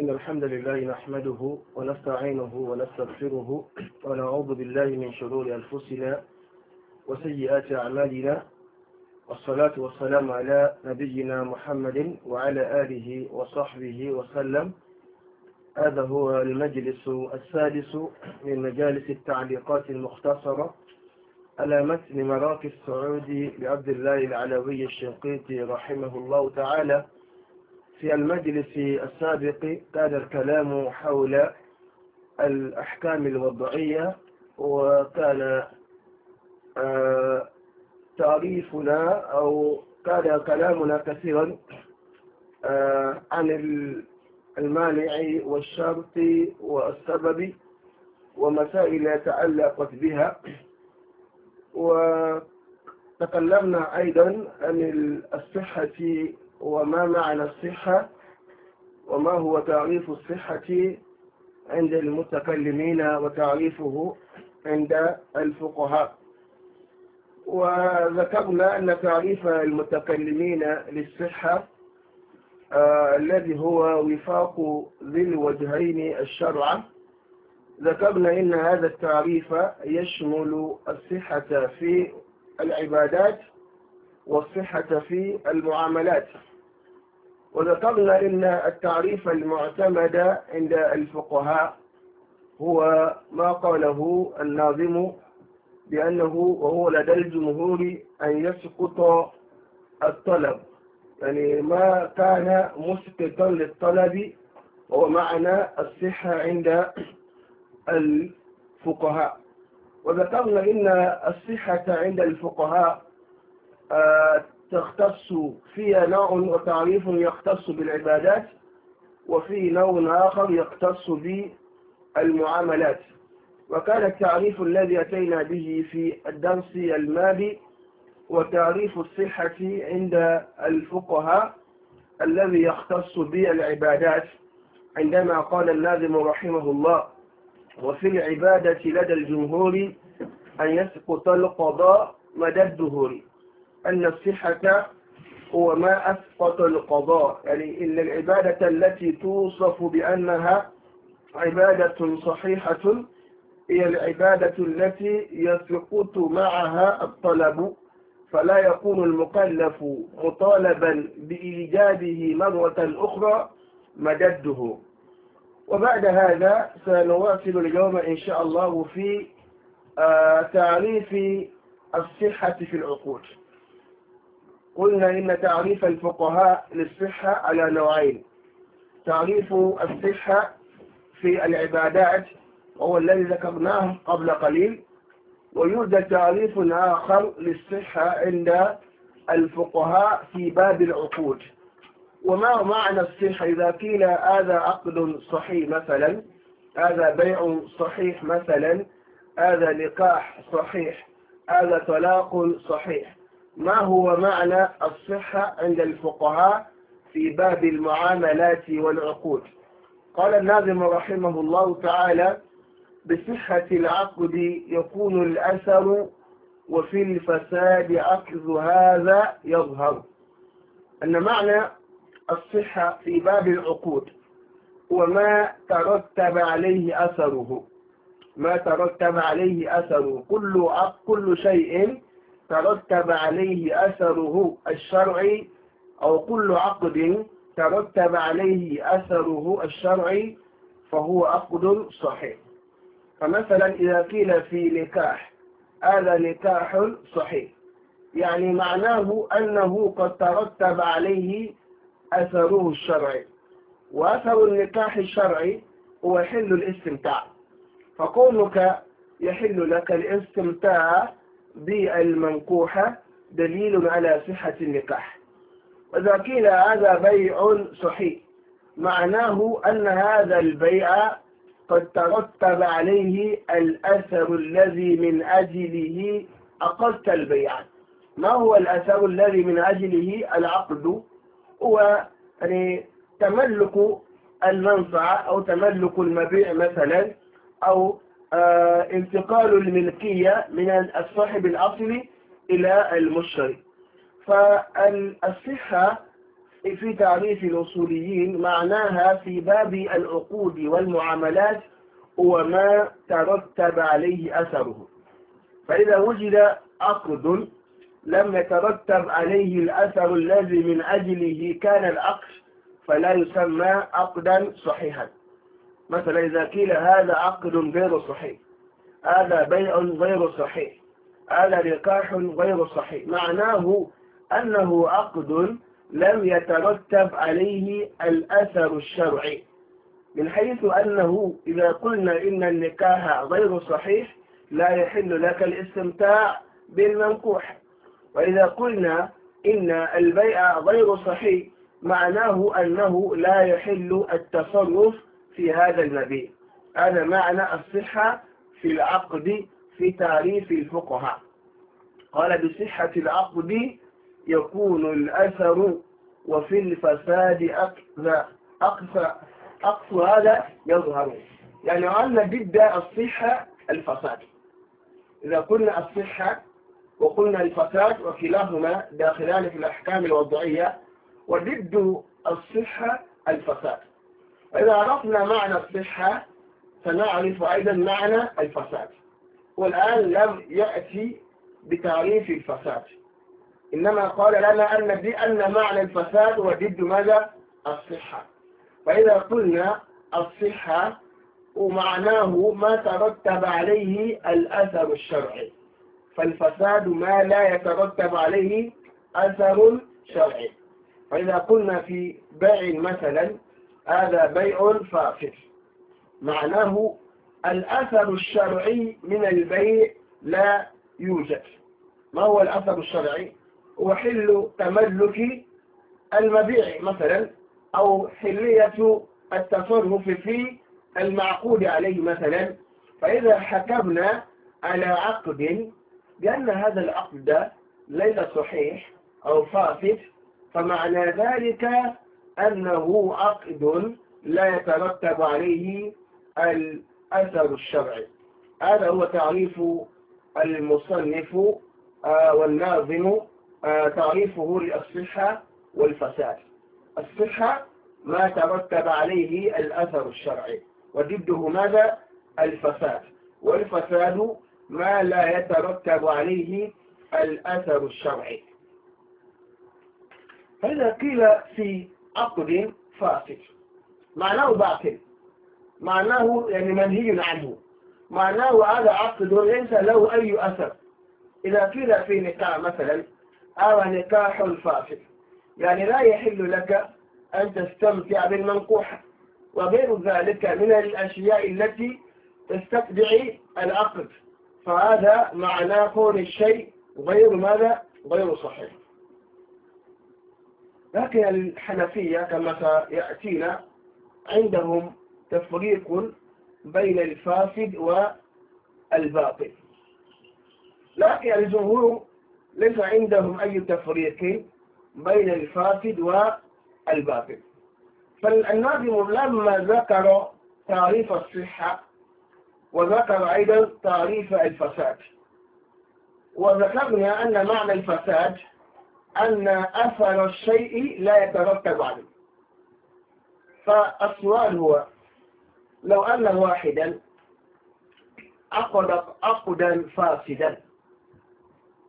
إن الحمد لله نحمده ونستعينه ونستغفره ونعوذ بالله من شرور أنفسنا وسيئات أعمالنا والصلاة والسلام على نبينا محمد وعلى آله وصحبه وسلم هذا هو المجلس السادس من مجالس التعليقات المختصرة على متن مراكز سعودي لعبد الله العلوي الشنقيطي رحمه الله تعالى في المجلس السابق كان الكلام حول الأحكام الوضعية وكان آه، تعريفنا أو كان كلامنا كثيرا آه، عن المانع والشرط والسبب ومسائل تعلقت بها وتكلمنا أيضا عن الصحة وما معنى الصحة وما هو تعريف الصحة عند المتكلمين وتعريفه عند الفقهاء وذكرنا أن تعريف المتكلمين للصحة آه، الذي هو وفاق ذي الوجهين الشرع ذكرنا إن هذا التعريف يشمل الصحة في العبادات والصحة في المعاملات وذكرنا أن التعريف المعتمد عند الفقهاء هو ما قاله الناظم بأنه وهو لدى الجمهور أن يسقط الطلب يعني ما كان مسقطا للطلب هو معنى الصحة عند الفقهاء وذكرنا إن الصحة عند الفقهاء تختص فيها نوع وتعريف يختص بالعبادات وفي نوع آخر يختص بالمعاملات وكان التعريف الذي أتينا به في الدرس الماضي وتعريف الصحة عند الفقهاء الذي يختص بالعبادات عندما قال اللازم رحمه الله وفي العبادة لدى الجمهور أن يسقط القضاء مدى الدهور أن الصحة هو ما أسقط القضاء يعني إن العبادة التي توصف بأنها عبادة صحيحة هي العبادة التي يسقط معها الطلب فلا يكون المكلف مطالبا بإيجاده مرة أخرى مدده وبعد هذا سنواصل اليوم إن شاء الله في آه، تعريف الصحة في العقود قلنا إن تعريف الفقهاء للصحة على نوعين تعريف الصحة في العبادات وهو الذي ذكرناه قبل قليل ويوجد تعريف آخر للصحة عند الفقهاء في باب العقود وما معنى الصحة إذا قيل هذا عقد صحيح مثلا هذا بيع صحيح مثلا هذا لقاح صحيح هذا طلاق صحيح ما هو معنى الصحة عند الفقهاء في باب المعاملات والعقود قال الناظم رحمه الله تعالى بصحة العقد يكون الأثر وفي الفساد عقد هذا يظهر أن معنى الصحة في باب العقود وما ترتب عليه أثره ما ترتب عليه أثره كل كل شيء ترتب عليه أثره الشرعي أو كل عقد ترتب عليه أثره الشرعي فهو عقد صحيح فمثلا إذا قيل في نكاح هذا نكاح صحيح يعني معناه أنه قد ترتب عليه أثره الشرعي وأثر النكاح الشرعي هو حل الاستمتاع فقولك يحل لك الاستمتاع بالمنكوحة دليل على صحة النكاح وإذا قيل هذا بيع صحيح معناه أن هذا البيع قد ترتب عليه الأثر الذي من أجله عقدت البيع ما هو الأثر الذي من أجله العقد هو يعني تملك المنفعة أو تملك المبيع مثلا أو آه، انتقال الملكية من الصاحب الأصلي إلى المشتري فالصحة في تعريف الأصوليين معناها في باب العقود والمعاملات وما ترتب عليه أثره فإذا وجد عقد لم يترتب عليه الأثر الذي من أجله كان العقد فلا يسمى عقدا صحيحا مثلا إذا قيل هذا عقد غير صحيح هذا بيع غير صحيح هذا لقاح غير صحيح معناه أنه عقد لم يترتب عليه الأثر الشرعي من حيث أنه إذا قلنا إن النكاح غير صحيح لا يحل لك الاستمتاع بالمنكوح وإذا قلنا إن البيع غير صحيح معناه أنه لا يحل التصرف في هذا النبي هذا معنى الصحة في العقد في تعريف الفقهاء قال بصحة العقد يكون الأثر وفي الفساد أقصى أقصى هذا يظهر يعني عنا ضد الصحة الفساد إذا قلنا الصحة وقلنا الفساد وكلاهما داخلان في الأحكام الوضعية وضد الصحة الفساد فإذا عرفنا معنى الصحة سنعرف أيضا معنى الفساد والآن لم يأتي بتعريف الفساد إنما قال لنا أن أن معنى الفساد هو ضد ماذا؟ الصحة فإذا قلنا الصحة ومعناه ما ترتب عليه الأثر الشرعي فالفساد ما لا يترتب عليه أثر شرعي فإذا قلنا في باع مثلا هذا بيع فاسد معناه الأثر الشرعي من البيع لا يوجد ما هو الأثر الشرعي؟ هو حل تملك المبيع مثلا أو حلية التصرف في المعقود عليه مثلا فإذا حكمنا على عقد بأن هذا العقد ليس صحيح أو فاسد فمعنى ذلك أنه عقد لا يترتب عليه الأثر الشرعي هذا هو تعريف المصنف آه، والناظم آه، تعريفه للصحة والفساد الصحة ما ترتب عليه الأثر الشرعي وجده ماذا؟ الفساد والفساد ما لا يترتب عليه الأثر الشرعي فإذا قيل في عقد فاسد معناه باطل معناه يعني منهي عنه معناه هذا عقد ليس له أي أثر إذا قيل في نكاح مثلا أو نكاح فاسد يعني لا يحل لك أن تستمتع بالمنقوحة وغير ذلك من الأشياء التي تستتبع العقد فهذا معنى كون الشيء غير ماذا؟ غير صحيح لكن الحنفية كما سيأتينا عندهم تفريق بين الفاسد والباطل لكن الجمهور ليس عندهم أي تفريق بين الفاسد والباطل فالناظم لما ذكر تعريف الصحة وذكر أيضا تعريف الفساد وذكرنا أن معنى الفساد أن أثر الشيء لا يترتب عليه فالسؤال هو لو أن واحدا عقد عقدا فاسدا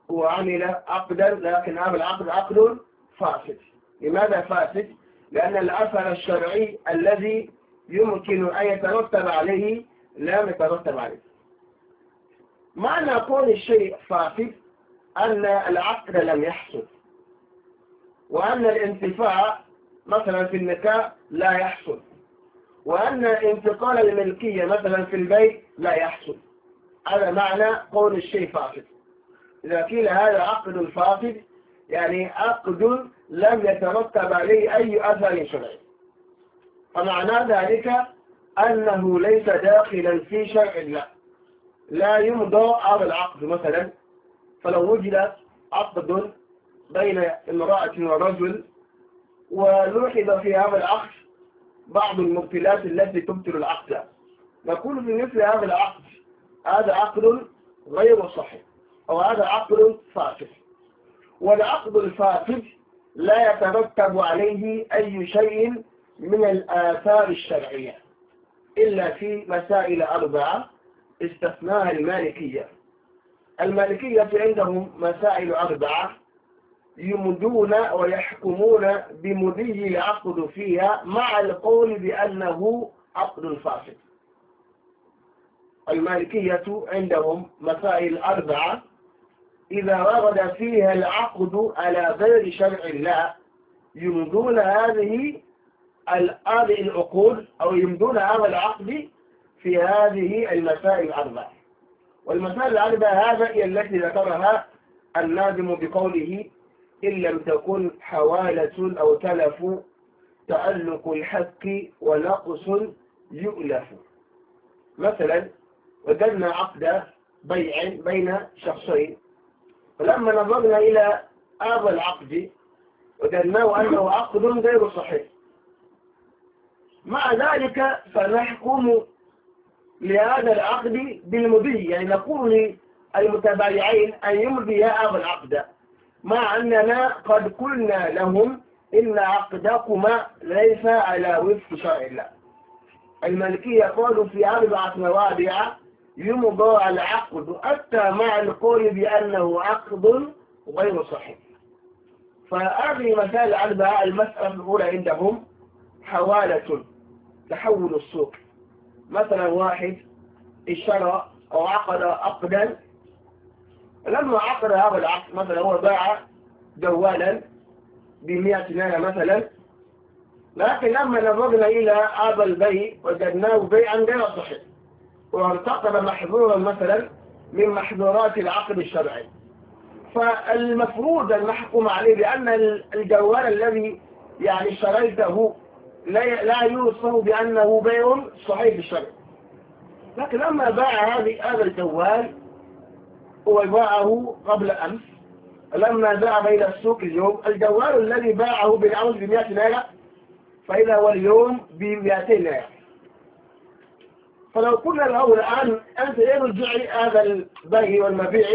وعمل عقدا لكن عمل عقد عقد فاسد لماذا فاسد؟ لأن الأثر الشرعي الذي يمكن أن يترتب عليه لم يترتب عليه معنى كون الشيء فاسد أن العقد لم يحصل وأن الانتفاع مثلا في النكاح لا يحصل وأن انتقال الملكية مثلا في البيت لا يحصل هذا معنى قول الشيء فاقد إذا قيل هذا عقد فاقد يعني عقد لم يترتب عليه أي أثر شرعي فمعنى ذلك أنه ليس داخلا في شرع الله لا يمضى على العقد مثلا فلو وجد عقد بين امرأة ورجل ولوحظ في هذا العقد بعض المبتلات التي تبطل العقد نقول في مثل هذا العقد هذا عقد غير صحيح أو هذا عقد فاسد والعقد الفاسد لا يترتب عليه أي شيء من الآثار الشرعية إلا في مسائل أربعة استثناها المالكية المالكية عندهم مسائل أربعة يمدون ويحكمون بمضي العقد فيها مع القول بأنه عقد فاسد المالكية عندهم مسائل أربعة إذا ورد فيها العقد على غير شرع الله يمدون هذه هذه العقود أو يمدون هذا العقد في هذه المسائل الأربعة والمسائل الأربعة هذا هي التي ذكرها الناظم بقوله إن لم تكن حوالة أو تلف تألق الحق ونقص يؤلف مثلا وجدنا عقد بيع بين شخصين ولما نظرنا إلى هذا العقد وجدناه أنه عقد غير صحيح مع ذلك فنحكم لهذا العقد بالمضي يعني نقول للمتبايعين أن يمضي هذا العقد مع أننا قد قلنا لهم إن عقدكما ليس على وفق شرع الله الملكية قالوا في أربعة مواضع يمضى العقد حتى مع القول بأنه عقد غير صحيح فهذه مثال الأربعة المسألة الأولى عندهم حوالة تحول السوق مثلا واحد اشترى أو عقد عقدا لما عقد هذا العقد مثلا هو باع جوالا بمئة نانا مثلا لكن لما نظرنا إلى هذا البيع وجدناه بيعا غير صحيح وارتقب محظورا مثلا من محظورات العقد الشرعي فالمفروض أن نحكم عليه بأن الجوال الذي يعني اشتريته لا لا يوصف بأنه بيع صحيح بالشرع لكن لما باع هذه هذا الجوال وباعه قبل أمس لما ذهب إلى السوق اليوم الجوال الذي باعه بالأمس ب 100 ليرة فإذا هو اليوم ب 200 ليرة فلو قلنا له الآن أنت إيه رجع هذا البيع والمبيع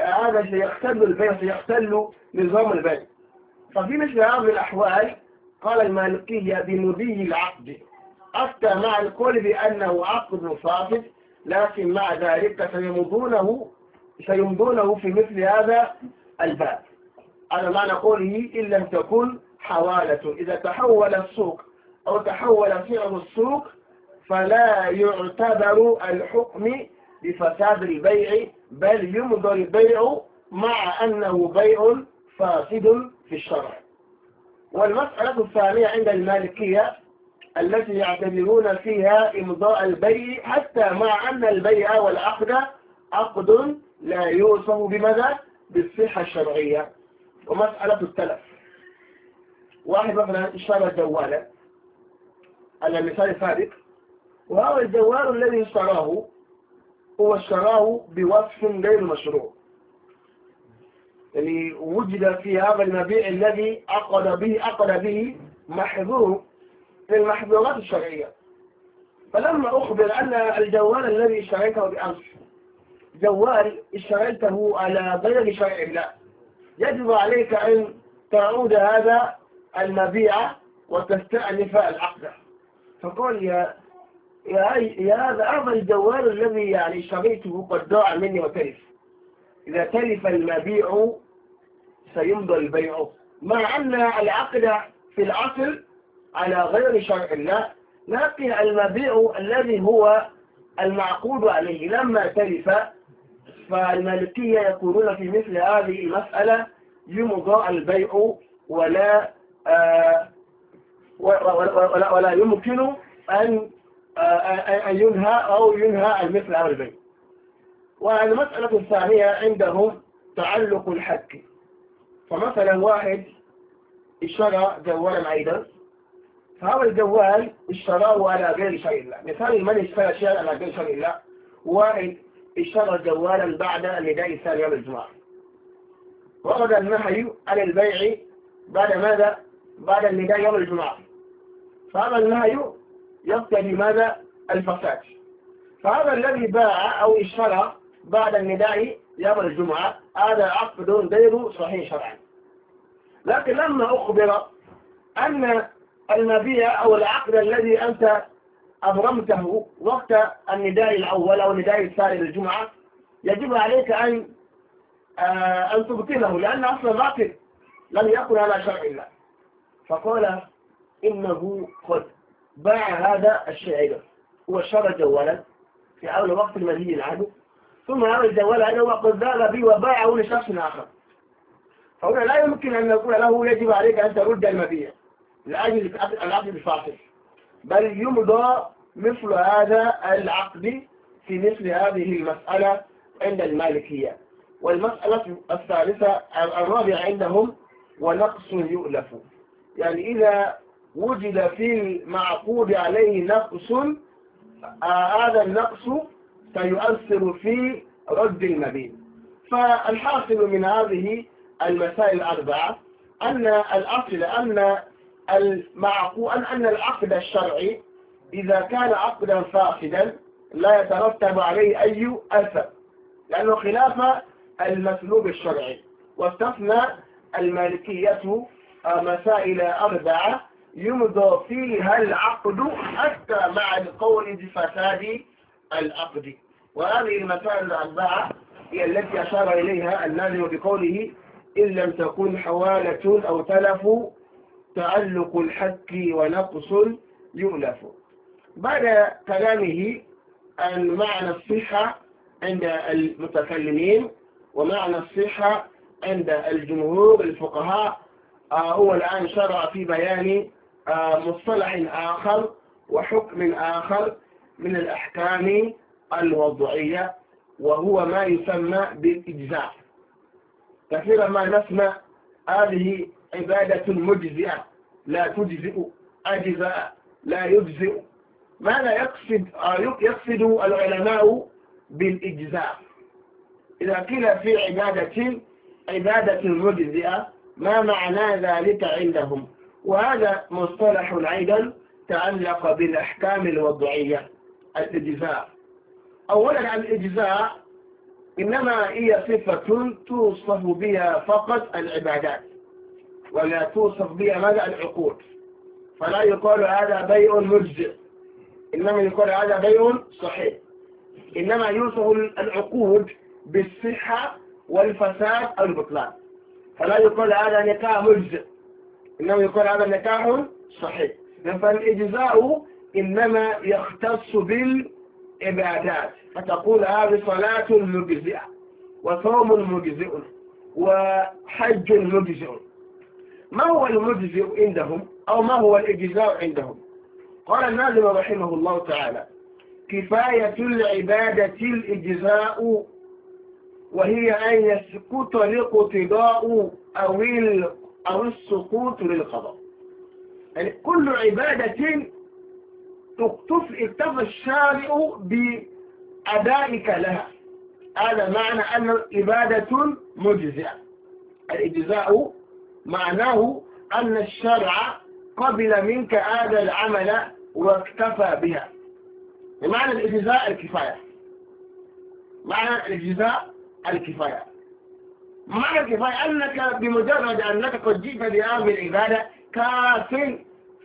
هذا سيختل البيع سيختل نظام البيع ففي مثل هذه الأحوال قال المالكية بمضي العقد حتى مع الكل بأنه عقد فاسد لكن مع ذلك سيمضونه سيمضونه في مثل هذا الباب على معنى قوله إن لم تكن حوالة إذا تحول السوق أو تحول فعل السوق فلا يعتبر الحكم بفساد البيع بل يمضى البيع مع أنه بيع فاسد في الشرع والمسألة الثانية عند المالكية التي يعتبرون فيها إمضاء البيع حتى مع أن البيع والعقد عقد لا يوصف بماذا بالصحة الشرعية ومسألة التلف واحد مثلا اشترى جوالا على المثال السابق وهذا الجوال الذي اشتراه هو اشتراه بوصف غير مشروع يعني وجد في هذا المبيع الذي عقد به عقد به محظور في المحظورات الشرعية فلما أخبر أن الجوال الذي اشتريته بأمس جوال اشتغلته على غير شرع الله يجب عليك أن تعود هذا المبيع وتستأنف العقد فقال يا يا, يا هذا هذا الجوال الذي يعني شريته قد ضاع مني وتلف إذا تلف المبيع سيمضى البيع مع أن العقد في الأصل على غير شرع الله لكن المبيع الذي هو المعقود عليه لما تلف فالمالكية يقولون في مثل هذه المسألة يمضى البيع ولا آه، ولا, ولا, يمكن أن آه، أن ينهى أو ينهى عن مثل هذا البيع والمسألة الثانية عندهم تعلق الحق فمثلا واحد اشترى جوالا عيدا فهذا الجوال اشتراه على غير شرع الله مثال من اشترى شيئا على غير شرع الله واحد اشترى جوالا بعد النداء الثاني يوم الجمعة ورد النهي عن البيع بعد ماذا؟ بعد النداء يوم الجمعة فهذا النهي يقتضي ماذا؟ الفساد فهذا الذي باع أو اشترى بعد النداء يوم الجمعة هذا عقد غير صحيح شرعا لكن لما أخبر أن المبيع أو العقد الذي أنت أبرمته وقت النداء الأول أو النداء الثاني للجمعة يجب عليك أن آه، أن تبطله لأن أصل الراتب لم يكن على شرع الله فقال إنه قد باع هذا الشيء هو شرى جوالا في أول وقت المنهي عنه ثم هذا الجوال هذا هو قد ذهب به وباعه لشخص آخر فهنا لا يمكن أن نقول له يجب عليك أن ترد المبيع لأجل العقد الفاصل بل يمضى مثل هذا العقد في مثل هذه المسألة عند المالكية والمسألة الثالثة الرابعة عندهم ونقص يؤلف يعني إذا وجد في المعقود عليه نقص آه، هذا النقص سيؤثر في رد المبيت فالحاصل من هذه المسائل الأربعة أن الأصل أن المعقول أن العقد الشرعي إذا كان عقدا فاسدا لا يترتب عليه أي أثر لأنه خلاف المسلوب الشرعي واستثنى المالكية مسائل أربعة يمضى فيها العقد حتى مع القول بفساد العقد وهذه المسائل الأربعة هي التي أشار إليها الناظم بقوله إن لم تكن حوالة أو تلف تعلق الحق ونقص يؤلف بعد كلامه عن معنى الصحة عند المتكلمين ومعنى الصحة عند الجمهور الفقهاء آه، هو الآن شرع في بيان آه، مصطلح آخر وحكم آخر من الأحكام الوضعية وهو ما يسمى بالإجزاء كثيرا ما نسمع هذه عبادة مجزئة لا تجزئ أجزاء لا يجزئ ماذا يقصد آه، يقصد العلماء بالإجزاء إذا قيل في عبادة عبادة مجزئة ما معنى ذلك عندهم وهذا مصطلح أيضا تعلق بالأحكام الوضعية الإجزاء أولا الإجزاء إنما هي صفة توصف بها فقط العبادات ولا توصف بها ماذا العقود فلا يقال هذا بيع مجزئ إنما يقال هذا بيع صحيح إنما يوصف العقود بالصحة والفساد أو البطلان فلا يقال هذا نكاح مجزئ إنما يقال هذا نكاح صحيح فالإجزاء إنما يختص بالعبادات فتقول هذه صلاة مجزئة وصوم مجزئ وحج مجزئ ما هو المجزئ عندهم أو ما هو الإجزاء عندهم قال الناظم رحمه الله تعالى كفاية العبادة الإجزاء وهي أن يسكت لقتضاء أو أو السقوط للقضاء يعني كل عبادة اكتفى الشارع بأدائك لها هذا معنى أن العبادة مجزئة الإجزاء معناه أن الشرع قبل منك هذا العمل واكتفى بها بمعنى الإجزاء الكفاية معنى الإجزاء الكفاية معنى الكفاية أنك بمجرد أنك قد جئت بهذه العبادة كاف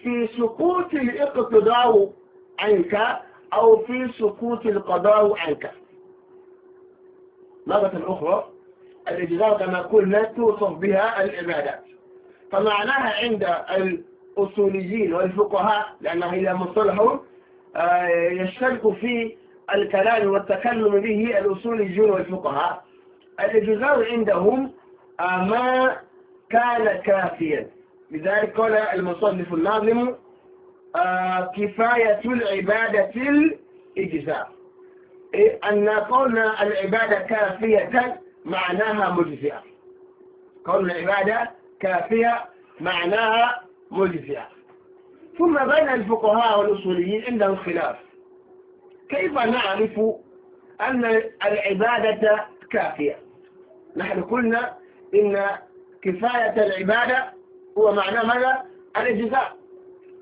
في سقوط الاقتضاء عنك أو في سقوط القضاء عنك مرة أخرى الإجزاء كما قلنا توصف بها العبادات فمعناها عند الأصوليين والفقهاء لأنها إلى مصطلح آه، يشترك في الكلام والتكلم به الأصوليين والفقهاء الإجزاء عندهم آه، ما كان كافيا لذلك قال المصنف الناظم آه، كفاية العبادة الإجزاء إيه، أن قولنا العبادة كافية معناها مجزئة كون العبادة كافية معناها مجزئة ثم بين الفقهاء والأصوليين عندهم خلاف كيف نعرف أن العبادة كافية نحن قلنا إن كفاية العبادة هو معنى ماذا؟ الإجزاء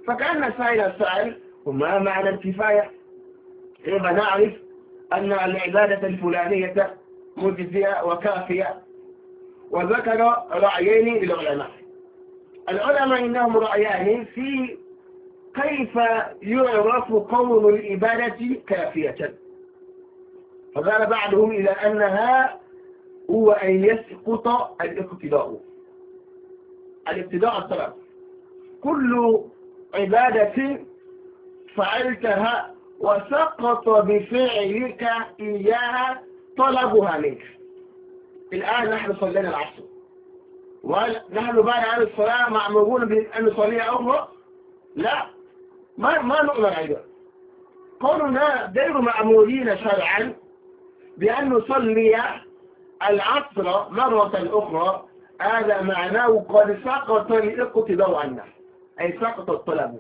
فكأن سائل السائل وما معنى الكفاية؟ كيف نعرف أن العبادة الفلانية مجزية وكافية وذكر رأيين للعلماء العلماء إنهم رأيان في كيف يعرف قول الإبادة كافية فقال بعضهم إلى أنها هو أن يسقط الاقتداء الاقتداء الطلب كل عبادة فعلتها وسقط بفعلك إياها طلبها منك الآن نحن صلينا العصر ونحن بعد عن الصلاة معمرون بأن نصليها أخرى لا ما ما نؤمن أيضا قولنا غير مأمورين شرعا بأن نصلي العصر مرة أخرى هذا معناه قد سقط الاقتداء عنا أي سقط الطلب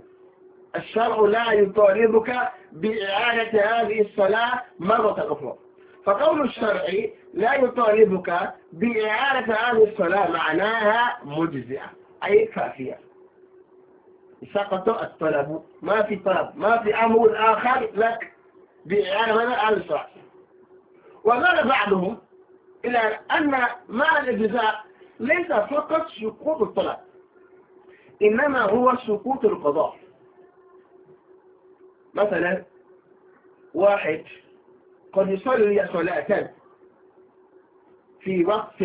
الشرع لا يطالبك بإعادة هذه الصلاة مرة أخرى فقول الشرعي لا يطالبك بإعادة هذه الصلاة معناها مجزئة أي كافية سقط الطلب ما في طلب ما في أمر آخر لك بإعادة هذا الصلاة وقال بعضهم إلى أن ما الإجزاء ليس فقط سقوط الطلب إنما هو سقوط القضاء مثلا واحد قد يصلي صلاة في وقت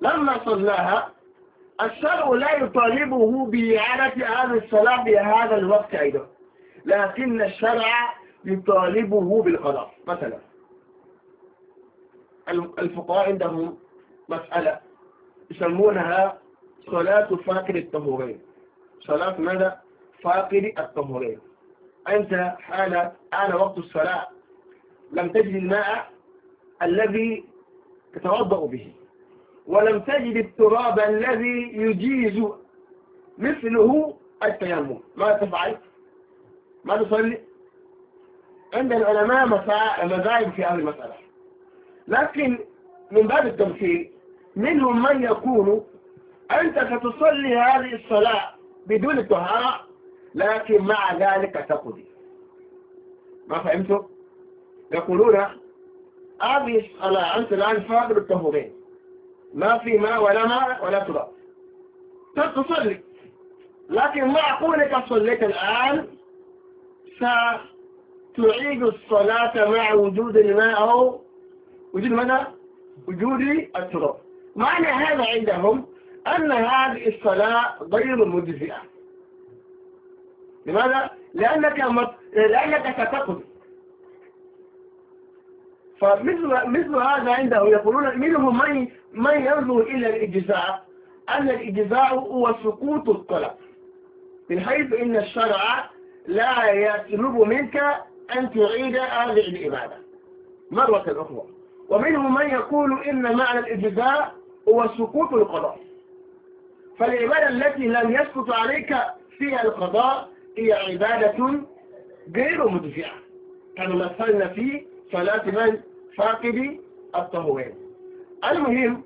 لما صلاها الشرع لا يطالبه بإعادة هذه الصلاة في هذا الوقت أيضا لكن الشرع يطالبه بالقضاء مثلا الفقهاء عندهم مسألة يسمونها صلاة فاقد الطهورين صلاة ماذا؟ فاقد الطهورين أنت حال آن وقت الصلاة لم تجد الماء الذي تتوضأ به ولم تجد التراب الذي يجيز مثله التيمم ما تفعل ما تصلي عند العلماء مذاهب في هذه المسألة لكن من باب التمثيل منهم من يقول أنت ستصلي هذه الصلاة بدون طهارة لكن مع ذلك تقضي ما فهمتم؟ يقولون هذه الصلاة أنت الآن فاضل التهورين ما في ماء ولا ماء ولا تراب تصلي لكن ما أقولك صليت الآن ستعيد الصلاة مع وجود الماء أو وجود ماذا؟ وجود التراب معنى هذا عندهم أن هذه الصلاة غير مجزئة لماذا؟ لأنك, مت... لأنك ستقضي فمثل مثل هذا عنده يقولون منهم من من ينظر إلى الإجزاء أن الإجزاء هو سقوط الطلب من حيث إن الشرع لا يطلب منك أن تعيد هذه العبادة مرة أخرى ومنهم من يقول إن معنى الإجزاء هو سقوط القضاء فالعبادة التي لم يسقط عليك فيها القضاء هي عبادة غير مدفعة كما مثلنا في صلاة من فاقد الطهوين المهم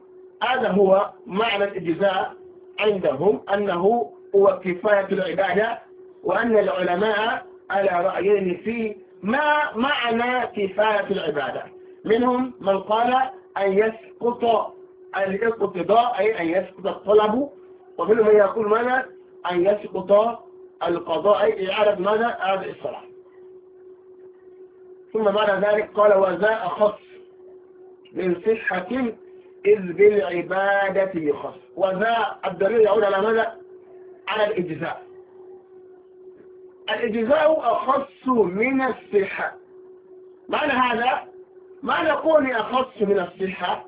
هذا هو معنى الإجزاء عندهم أنه هو كفاية العبادة وأن العلماء على رأيين في ما معنى كفاية العبادة منهم من قال أن يسقط الاقتضاء أي أن يسقط الطلب ومنهم من يقول ماذا أن يسقط القضاء أي إعادة ماذا إعادة الصلاة ثم بعد ذلك قال وذا أخص من صحة إذ بالعبادة يخص وذا الدليل يعود على ماذا؟ على الإجزاء الإجزاء أخص من الصحة معنى هذا معنى قولي أخص من الصحة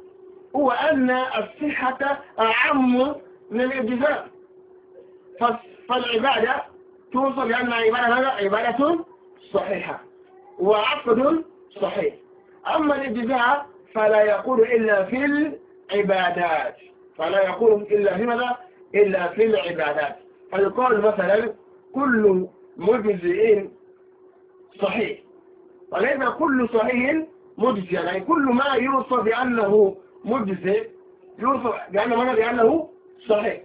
هو أن الصحة أعم من الإجزاء فالعبادة توصف لأن عبادة ماذا؟ عبادة صحيحة وعقد صحيح أما الابتداع فلا يقول إلا في العبادات فلا يقول إلا في ماذا إلا في العبادات فيقال مثلا كل مجزئ صحيح وليس كل صحيح مجزئ يعني كل ما يوصف بأنه مجزئ يوصف بأنه ماذا بأنه صحيح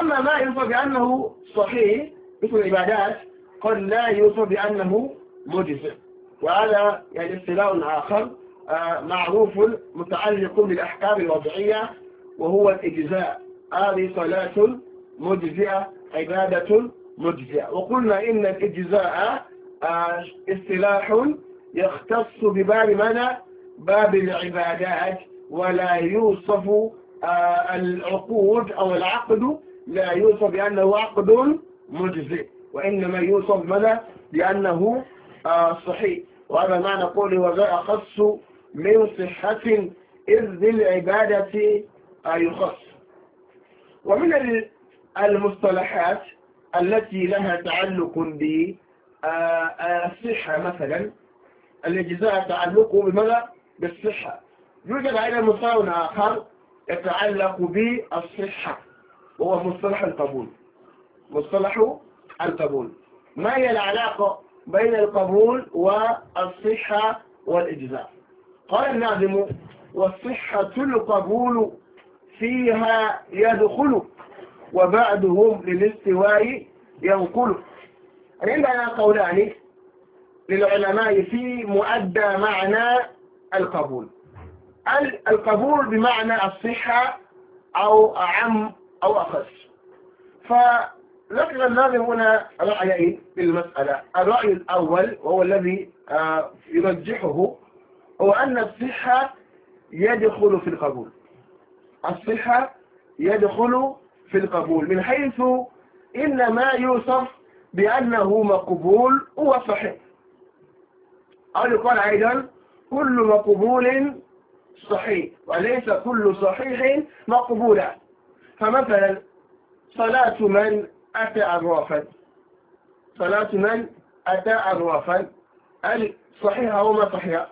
أما ما يوصف بأنه صحيح مثل العبادات قد لا يوصف بأنه مجزئ وهذا يعني اصطلاح آخر آه، معروف متعلق بالأحكام الوضعية وهو الإجزاء هذه صلاة مجزئة عبادة مجزئة وقلنا إن الإجزاء آه، اصطلاح يختص بباب ماذا؟ باب العبادات ولا يوصف آه، العقود أو العقد لا يوصف بأنه عقد مجزئ وإنما يوصف ماذا؟ بأنه آه، صحيح وهذا معنى نقول وجاء خص من صحة إذ بالعبادة آه، يخص ومن المصطلحات التي لها تعلق بالصحة آه، مثلا الأجزاء تعلق بماذا؟ بالصحة يوجد على مصطلح آخر يتعلق بالصحة وهو مصطلح القبول مصطلح القبول ما هي العلاقة بين القبول والصحة والإجزاء قال الناظم والصحة القبول فيها يدخل وبعدهم للاستواء ينقل عندنا قولان للعلماء في مؤدى معنى القبول القبول بمعنى الصحة أو أعم أو أخص لكن الناظر هنا رأيين إيه؟ في المسألة الرأي الأول وهو الذي آه، يرجحه هو أن الصحة يدخل في القبول الصحة يدخل في القبول من حيث إن ما يوصف بأنه مقبول هو صحيح أو يقال أيضا كل مقبول صحيح وليس كل صحيح مقبولا فمثلا صلاة من أتى الرافد صلاة من أتى الرافد هل صحيحة أو ما صحيحة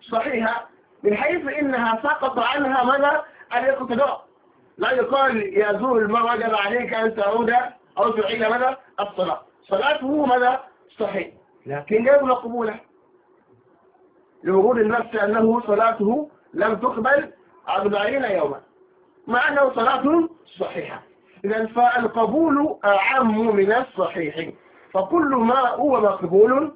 صحيحة من حيث إنها سقط عنها ماذا الاقتداء لا يقال يا زور ما عليك أن تعود أو تعيد مدى الصلاة صلاته ماذا صحيح لكن غير قبوله لوجود النفس أنه صلاته لم تقبل أربعين يوما مع أنه صلاة صحيحة إذا فالقبول أعم من الصحيح فكل ما هو مقبول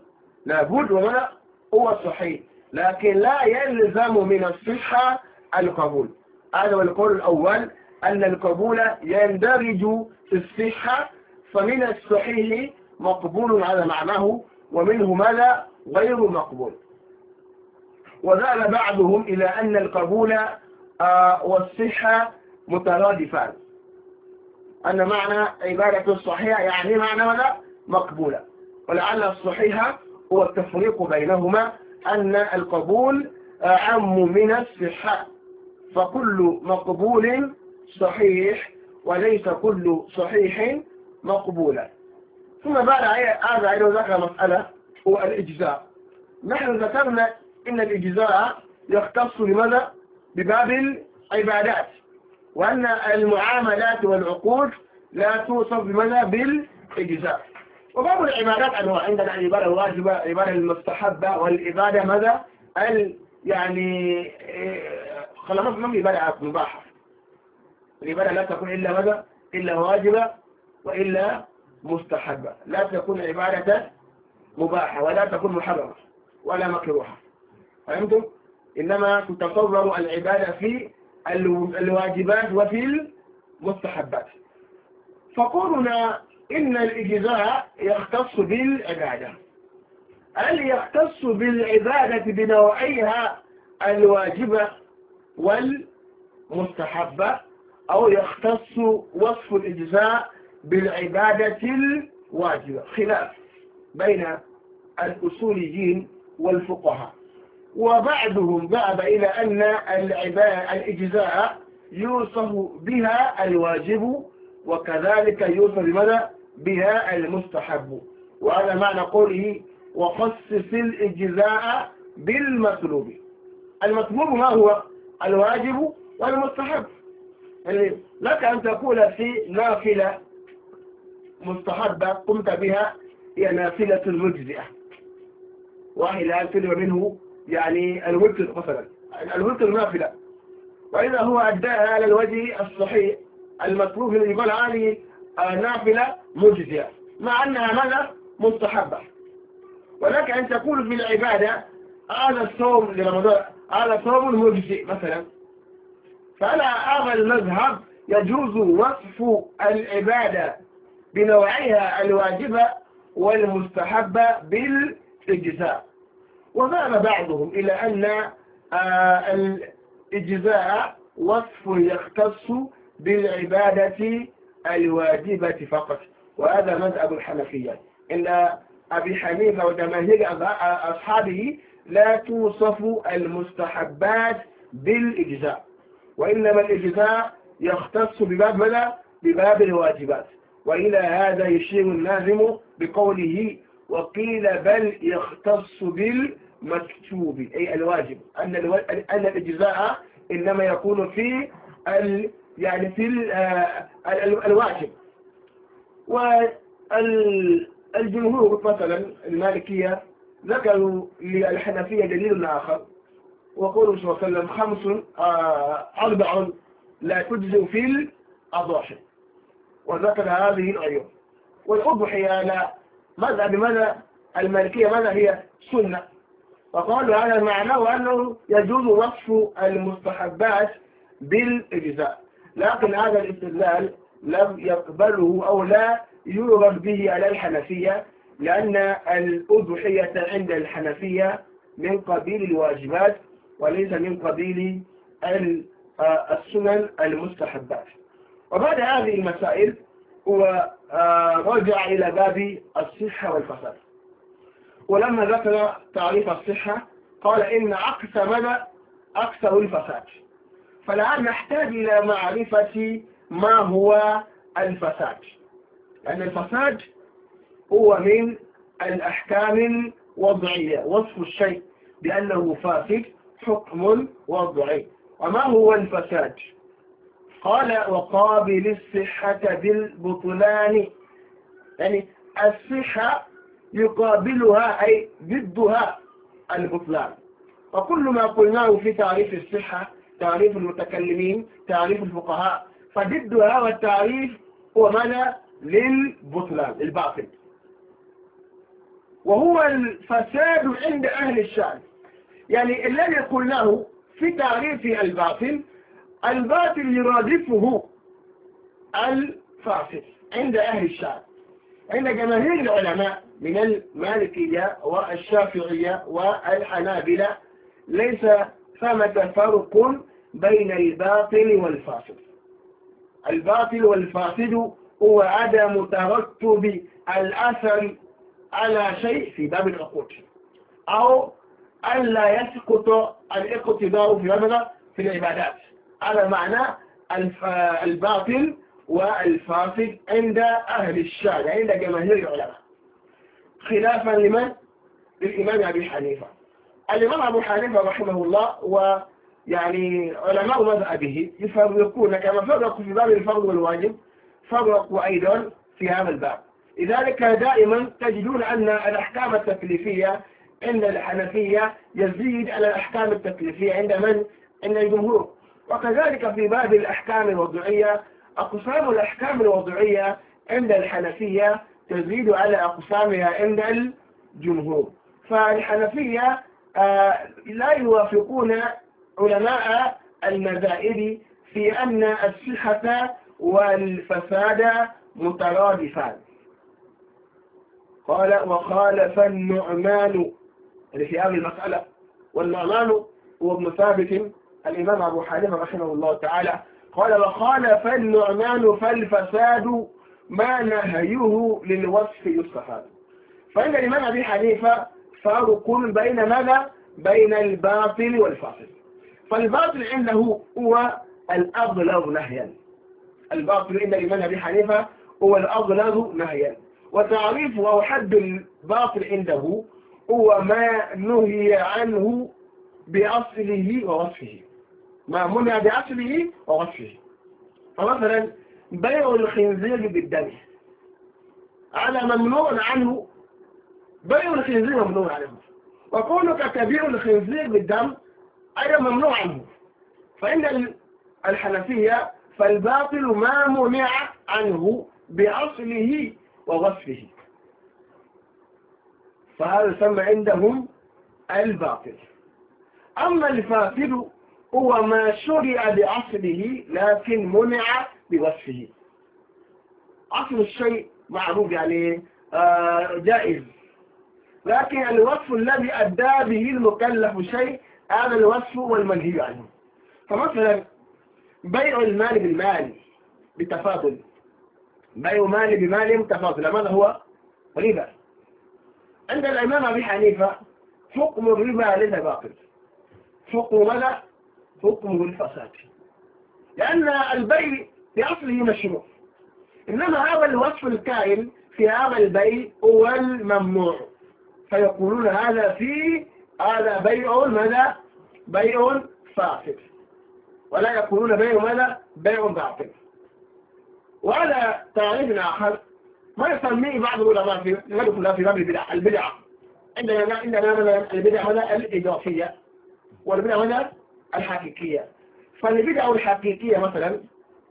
لابد وما هو صحيح لكن لا يلزم من الصحة القبول هذا هو القول الأول أن القبول يندرج في الصحة فمن الصحيح مقبول على معناه ومنه ماذا غير مقبول وذال بعضهم إلى أن القبول آه، والصحة مترادفان أن معنى عبادة صحيحة يعني معنى ماذا؟ مقبولة ولعل الصحيح هو التفريق بينهما أن القبول أعم من الصحة فكل مقبول صحيح وليس كل صحيح مقبولا ثم بعد هذا أيضا ذكر مسألة هو الإجزاء نحن ذكرنا إن الإجزاء يختص لماذا؟ بباب العبادات وأن المعاملات والعقود لا توصف بماذا بالإجزاء وباب العبادات أنواع عندنا العبادة يعني الواجبة العبادة المستحبة والعبادة ماذا ال يعني إيه، خلينا نفهم عبادة مباحة العبادة لا تكون إلا ماذا إلا واجبة وإلا مستحبة لا تكون عبادة مباحة ولا تكون محرمة ولا مكروهة فهمتم؟ إنما تتصور العبادة في الواجبات وفي المستحبات فقولنا إن الإجزاء يختص بالعبادة هل يختص بالعبادة بنوعيها الواجبة والمستحبة أو يختص وصف الإجزاء بالعبادة الواجبة خلاف بين الأصوليين والفقهاء وبعضهم ذهب إلى أن الإجزاء يوصف بها الواجب وكذلك يوصف بماذا بها المستحب وهذا معنى قوله وخصص الإجزاء بالمطلوب المطلوب ما هو الواجب والمستحب يعني لك أن تقول في نافلة مستحبة قمت بها هي نافلة المجزئة وهي الآن تلو منه يعني الوتر مثلا الوتر نافلة وإذا هو أداها على الوجه الصحيح المطلوب الذي يقول هذه آه، نافلة مجزية مع أنها ماذا مستحبة ولك أن تقول في العبادة هذا الصوم لرمضان هذا صوم مجزي مثلا فعلى هذا المذهب يجوز وصف العبادة بنوعيها الواجبة والمستحبة بالإجزاء وذهب بعضهم إلى أن آه، الإجزاء وصف يختص بالعبادة الواجبة فقط وهذا مذهب الحنفية إن أبي حنيفة وجماهير أصحابه لا توصف المستحبات بالإجزاء وإنما الإجزاء يختص بباب ماذا؟ بباب الواجبات وإلى هذا يشير الناظم بقوله وقيل بل يختص بالمكتوب أي الواجب أن, أن الإجزاء إنما يكون في ال... يعني في آه، الواجب والجمهور مثلا المالكية ذكروا للحنفية دليل آخر وقوله صلى الله عليه وسلم خمس آه، أربع لا تجزئ في الأضاحي وذكر هذه العيوب والأضحية لا ماذا بماذا المالكية ماذا هي سنة وقالوا هذا معناه أنه يجوز وصف المستحبات بالإجزاء لكن هذا الاستدلال لم يقبله أو لا يرغب به على الحنفية لأن الأضحية عند الحنفية من قبيل الواجبات وليس من قبيل آه، السنن المستحبات وبعد هذه المسائل هو آه، رجع إلى باب الصحة والفساد ولما ذكر تعريف الصحة قال إن أقسى مدى أكثر الفساد فالآن نحتاج إلى معرفة ما هو الفساد لأن الفساد هو من الأحكام الوضعية وصف الشيء بأنه فاسد حكم وضعي وما هو الفساد قال وقابل الصحة بالبطلان يعني الصحة يقابلها أي ضدها البطلان وكل ما قلناه في تعريف الصحة تعريف المتكلمين تعريف الفقهاء فضد هذا التعريف هو ماذا للبطلان الباطل وهو الفساد عند أهل الشعب يعني الذي قلناه في تعريف الباطل الباطل يرادفه الفاسد عند أهل الشعب عند جماهير العلماء من المالكية والشافعية والحنابلة ليس ثمة فرق بين الباطل والفاسد الباطل والفاسد هو عدم ترتب الأثر على شيء في باب العقود أو ألا يسقط الاقتدار في في العبادات على معنى الباطل والفاسد عند أهل الشام عند جماهير العلماء خلافا لمن؟ للإمام أبي حنيفة الإمام أبو حنيفة رحمه الله ويعني علماء مذهبه يفرقون كما فرقوا في باب الفرض والواجب فرقوا أيضا في هذا الباب لذلك دائما تجدون أن الأحكام التكليفية عند الحنفية يزيد على الأحكام التكليفية عند من؟ عند الجمهور وكذلك في باب الأحكام الوضعية أقسام الأحكام الوضعية عند الحنفية تزيد على أقسامها عند الجمهور فالحنفية آه، لا يوافقون علماء المذاهب في أن الصحة والفساد مترادفان قال وخالف النعمان في هذه المسألة والنعمان هو ابن ثابت الإمام أبو حنيفة رحمه الله تعالى قال وخالف النعمان فالفساد ما نهيه للوصف يستفاد فإن الإمام أبي حنيفة فارق بين ماذا؟ بين الباطل والفاصل فالباطل عنده هو الأغلظ نهيا الباطل عند الإمام أبي حنيفة هو الأغلظ نهيا وتعريف أو حد الباطل عنده هو ما نهي عنه بأصله ووصفه ما منع بأكله وغسله فمثلا بيع الخنزير بالدم على ممنوع عنه بيع الخنزير ممنوع عنه وكونك تبيع الخنزير بالدم أيضا ممنوع عنه فإن الحنفية فالباطل ما منع عنه بأصله ووصفه فهذا يسمى عندهم الباطل أما الفاسد هو ما شرع بأصله لكن منع بوصفه أصل الشيء معروف يعني آه، جائز لكن الوصف الذي أدى به المكلف شيء هذا الوصف هو المنهي عنه فمثلا بيع المال بالمال بالتفاضل بيع مال بمال متفاضل ماذا هو؟ ربا عند الإمام أبي حنيفة حكم الربا ليس باطل حكم ماذا؟ حكمه الفساد لأن البيع بأصله مشروع إنما هذا الوصف الكائن في هذا البيع هو الممنوع فيقولون هذا فيه هذا بيع ماذا؟ بيع فاسد ولا يقولون بيع ماذا؟ بيع باطل وهذا تعريف آخر ما يسميه بعض العلماء في ندخل في باب البدع البدعة عندنا عندنا البدع هنا الإضافية والبدع هنا الحقيقية فالبدع الحقيقية مثلا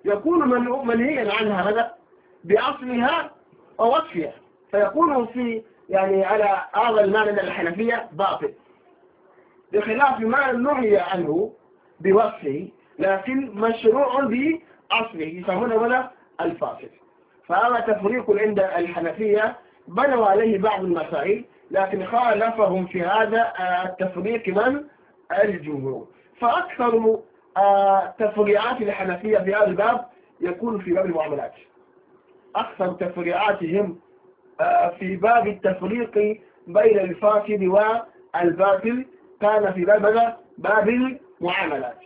يكون من منهيا عنها ماذا بأصلها ووصفها فيكون في يعني على هذا المعنى من الحنفية باطل بخلاف ما نهي عنه بوصفه لكن مشروع بأصله يسمونه ولا الفاصل فهذا تفريق عند الحنفية بنوا عليه بعض المسائل لكن خالفهم في هذا التفريق من الجمهور فأكثر آه، تفريعات الحنفية في هذا الباب يكون في باب المعاملات أكثر تفريعاتهم آه، في باب التفريق بين الفاسد والباطل كان في باب ماذا؟ باب المعاملات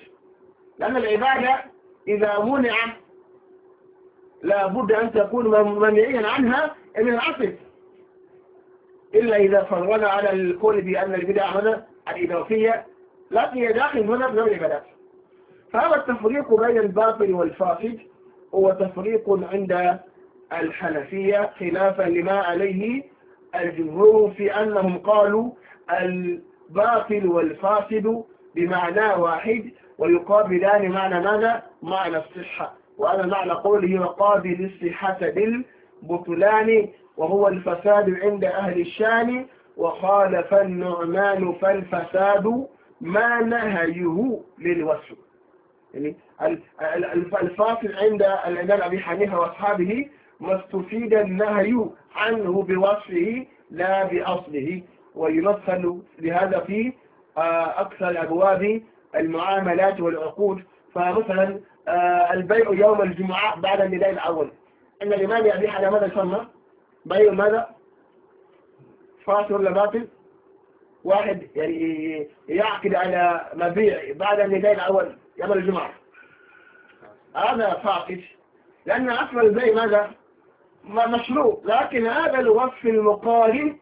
لأن العبادة إذا منع لابد أن تكون ممنعيا عنها من العصف إلا إذا فرغنا على القول بأن البدع هنا الإضافية لكن هي داخل هنا بنوع العبادات إيه فهذا التفريق بين الباطل والفاسد هو تفريق عند الحنفية خلافا لما عليه الجمهور في أنهم قالوا الباطل والفاسد بمعنى واحد ويقابلان معنى ماذا؟ معنى الصحة وهذا معنى قوله وقابل الصحة بالبطلان وهو الفساد عند أهل الشام وخالف النعمان فالفساد ما نهيه للوصف يعني الفاصل عند الإمام أبي حنيفة وأصحابه ما استفيد النهي عنه بوصفه لا بأصله ويمثل لهذا في آه، أكثر أبواب المعاملات والعقود فمثلا آه، البيع يوم الجمعة بعد النداء الأول أن الإمام أبي حنيفة ماذا يسمى؟ بيع ماذا؟ فاصل ولا باطل؟ واحد يعني يعقد على مبيع بعد النداء الأول يوم الجمعة هذا فاقد لأن أصل البيع ماذا؟ مشروع لكن هذا الوصف المقارن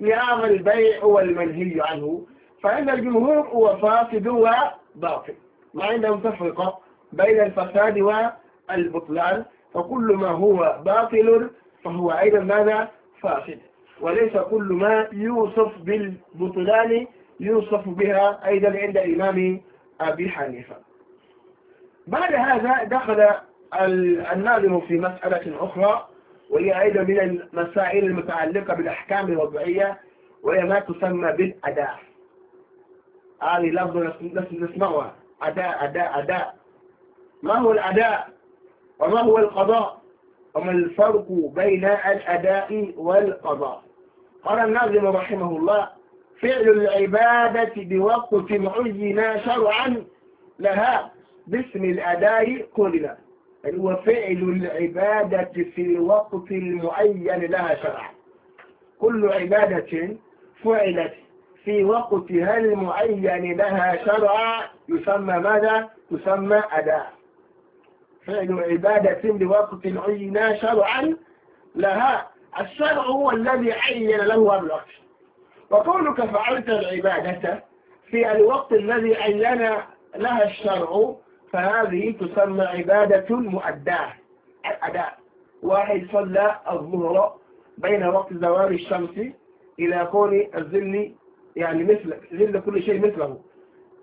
لهذا البيع هو المنهي عنه فإن الجمهور هو فاسد وباطل ما عندهم تفرقة بين الفساد والبطلان فكل ما هو باطل فهو أيضا ماذا؟ فاسد وليس كل ما يوصف بالبطلان يوصف بها أيضا عند إمام أبي حنيفة بعد هذا دخل الناظم في مسألة أخرى وهي أيضا من المسائل المتعلقة بالأحكام الوضعية وهي ما تسمى بالأداء هذه لفظة نسمعها أداء أداء أداء ما هو الأداء وما هو القضاء وما الفرق بين الأداء والقضاء قال الناظم رحمه الله فعل العبادة بوقت عينا شرعا لها باسم الأداء قلنا هو فعل العبادة في وقت معين لها شرعا كل عبادة فعلت في وقتها المعين لها شرعا يسمى ماذا؟ تسمى أداء فعل عبادة بوقت عينا شرعا لها الشرع هو الذي عين له أمرك وقولك فعلت العبادة في الوقت الذي عين لها الشرع فهذه تسمى عبادة مؤداة الأداء واحد صلى الظهر بين وقت زوال الشمس إلى كون الظل يعني مثل ظل كل شيء مثله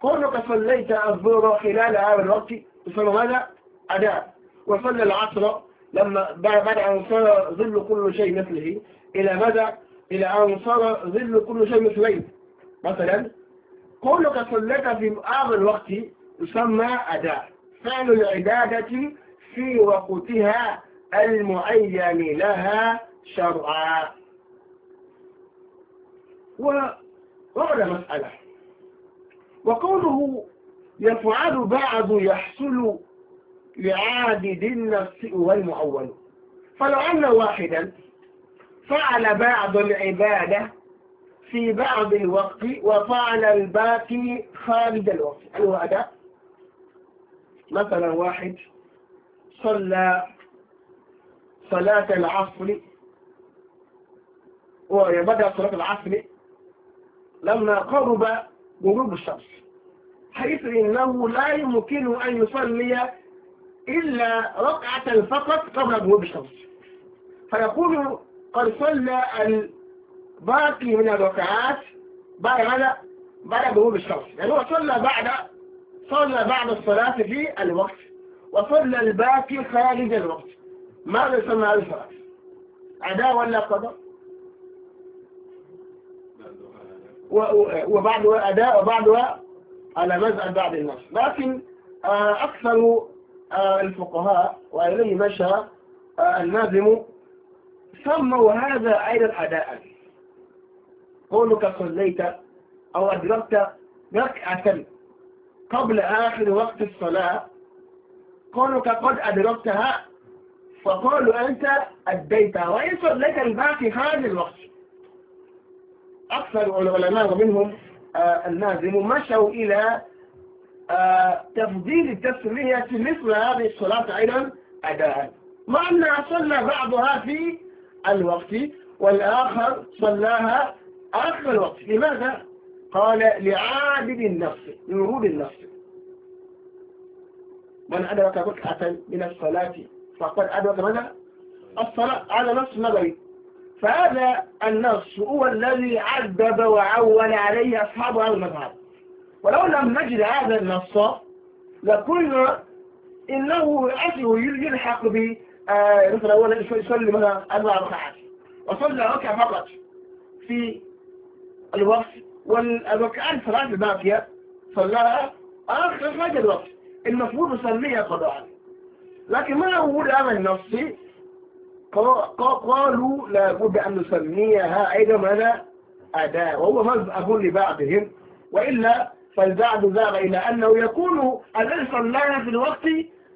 كونك صليت الظهر خلال هذا الوقت تسمى ماذا؟ أداء وصلى العصر لما بعد أن صار ظل كل شيء مثله إلى مدى إلى أن صار ظل كل شيء مثلين مثلا كونك صليت في بعض الوقت يسمى أداء فعل العبادة في وقتها المعين لها شرعا وورد مسألة وقوله يفعل بعض يحصل لعابد النفس والمعول فلو أن واحدا فعل بعض العبادة في بعض الوقت وفعل الباقي خارج الوقت هو أداء؟ مثلا واحد صلى صلاة العصر وبدأ صلاة العصر لما قرب غروب الشمس حيث إنه لا يمكن أن يصلي إلا ركعة فقط قبل غروب الشمس فيقول قد صلى الباقي من الركعات بعد ماذا؟ بعد غروب الشمس يعني هو صلى بعد صلى بعد الصلاة في الوقت وصلى الباقي خارج الوقت ماذا يسمى هذه الصلاة؟ أداء ولا قضاء؟ وبعدها أداء وبعدها على مزعل بعض الناس لكن آه، أكثر آه، الفقهاء وإليه مشى آه، الناظم سموا هذا أيضا أداء قولك صليت أو أدركت ركعة قبل آخر وقت الصلاة قولك قد أدركتها فقالوا أنت أديتها وإن صليت الباقي هذا الوقت أكثر العلماء ومنهم آه، الناظم مشوا إلى تفضيل التسمية مثل هذه الصلاة أيضا أداء مع أنها صلى بعضها في الوقت والآخر صلاها آخر الوقت لماذا؟ قال لعابد النفس لورود النفس من أدرك ركعة من الصلاة فقد أدرك ماذا؟ الصلاة على نص نظري فهذا النص هو الذي عذب وعول عليه أصحاب هذا المذهب ولو لم نجد هذا النص لقلنا إنه أجل يلحق ب آه، مثلا هو يصلي مثلا أربع ركعات وصلى ركعة فقط في الوقت والركعات الثلاث الباقية صلاها آخر حاجة الوقت المفروض يصليها قضاء لكن ما هو هذا النص قالوا لابد أن نسميها أيضا ماذا أداء وهو مذهب لبعضهم وإلا فالبعض ذهب إلى أنه يكون الذي لها في الوقت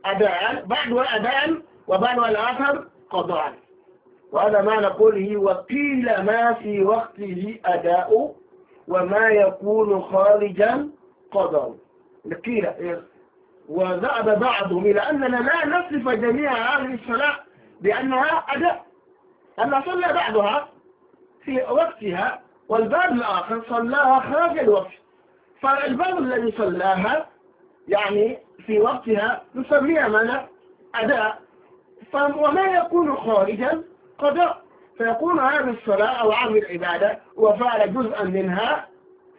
أداء بعد أداء وبعد الآخر قضاء وهذا معنى قوله وقيل ما في وقته أداء وما يكون خارجا قضاء قيل وذهب بعضهم إلى أننا لا نصف جميع هذه الصلاة بأنها أداء أن صلى بعضها في وقتها والباب الآخر صلاها خارج الوقت فالبعض الذي صلاها يعني في وقتها نسميها ماذا؟ أداء وما يكون خارجا قضاء فيكون هذه الصلاة أو هذه العبادة وفعل جزءا منها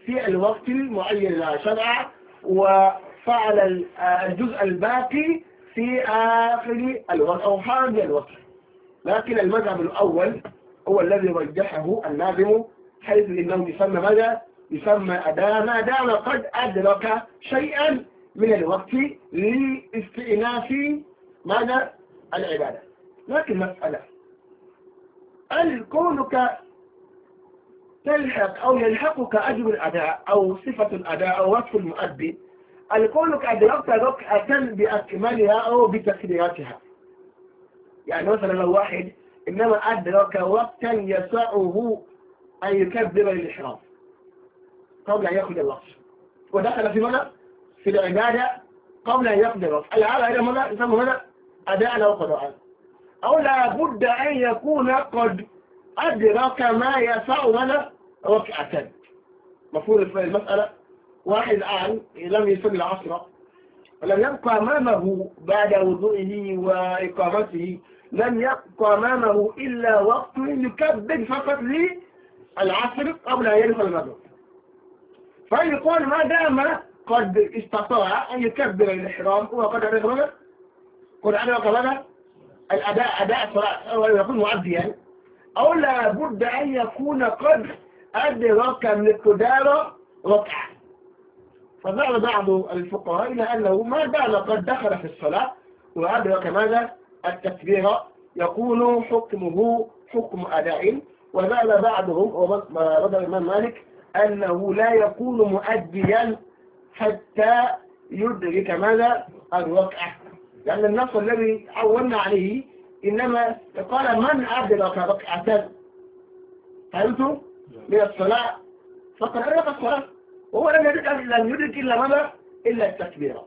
في الوقت المعين لها شرعة وفعل الجزء الباقي في آخر الوقت أو خارج الوقت لكن المذهب الأول هو الذي رجحه الناظم حيث إنه يسمى ماذا؟ يسمى أداء ما دام قد أدرك شيئا من الوقت لاستئناف ماذا العبادة لكن مسألة هل كونك تلحق أو يلحقك أجر الأداء أو صفة الأداء أو وصف المؤدي هل كونك أدركت ركعة بأكملها أو بتكريراتها يعني مثلا لو واحد إنما أدرك وقتا يسعه أن يكبر الإحرام قبل أن يخرج الوقت ودخل في ماذا؟ في العبادة قبل أن يقضي الوقت العبادة هنا ماذا؟ يسمى هنا أداء أو قضاء أو لابد أن يكون قد أدرك ما يسع ركعة ركعتين في المسألة واحد الآن لم يصل العصر ولم يبقى أمامه بعد وضوئه وإقامته لم يبقى أمامه إلا وقت يكبد فقط للعصر قبل أن يدخل المغرب فيقول ما دام قد استطاع أن يكبر الإحرام وقد أدرك قل أدرك ماذا؟ الأداء أداء الصلاة يكون مؤديا أو لا بد أن يكون قد أدرك مقدار ركعة فذهب بعض الفقهاء إلى أنه ما دام قد دخل في الصلاة وأدرك ماذا؟ التكبير يكون حكمه حكم أداء وذهب بعضهم ومن رد الإمام مالك أنه لا يكون مؤديا حتى يدرك ماذا الركعة لأن النص الذي عولنا عليه إنما قال من أدرك ركعتان فهمتم؟ من الصلاة فقد أدرك الصلاة وهو لم يدرك لم يدرك إلا ماذا؟ إلا التكبيرة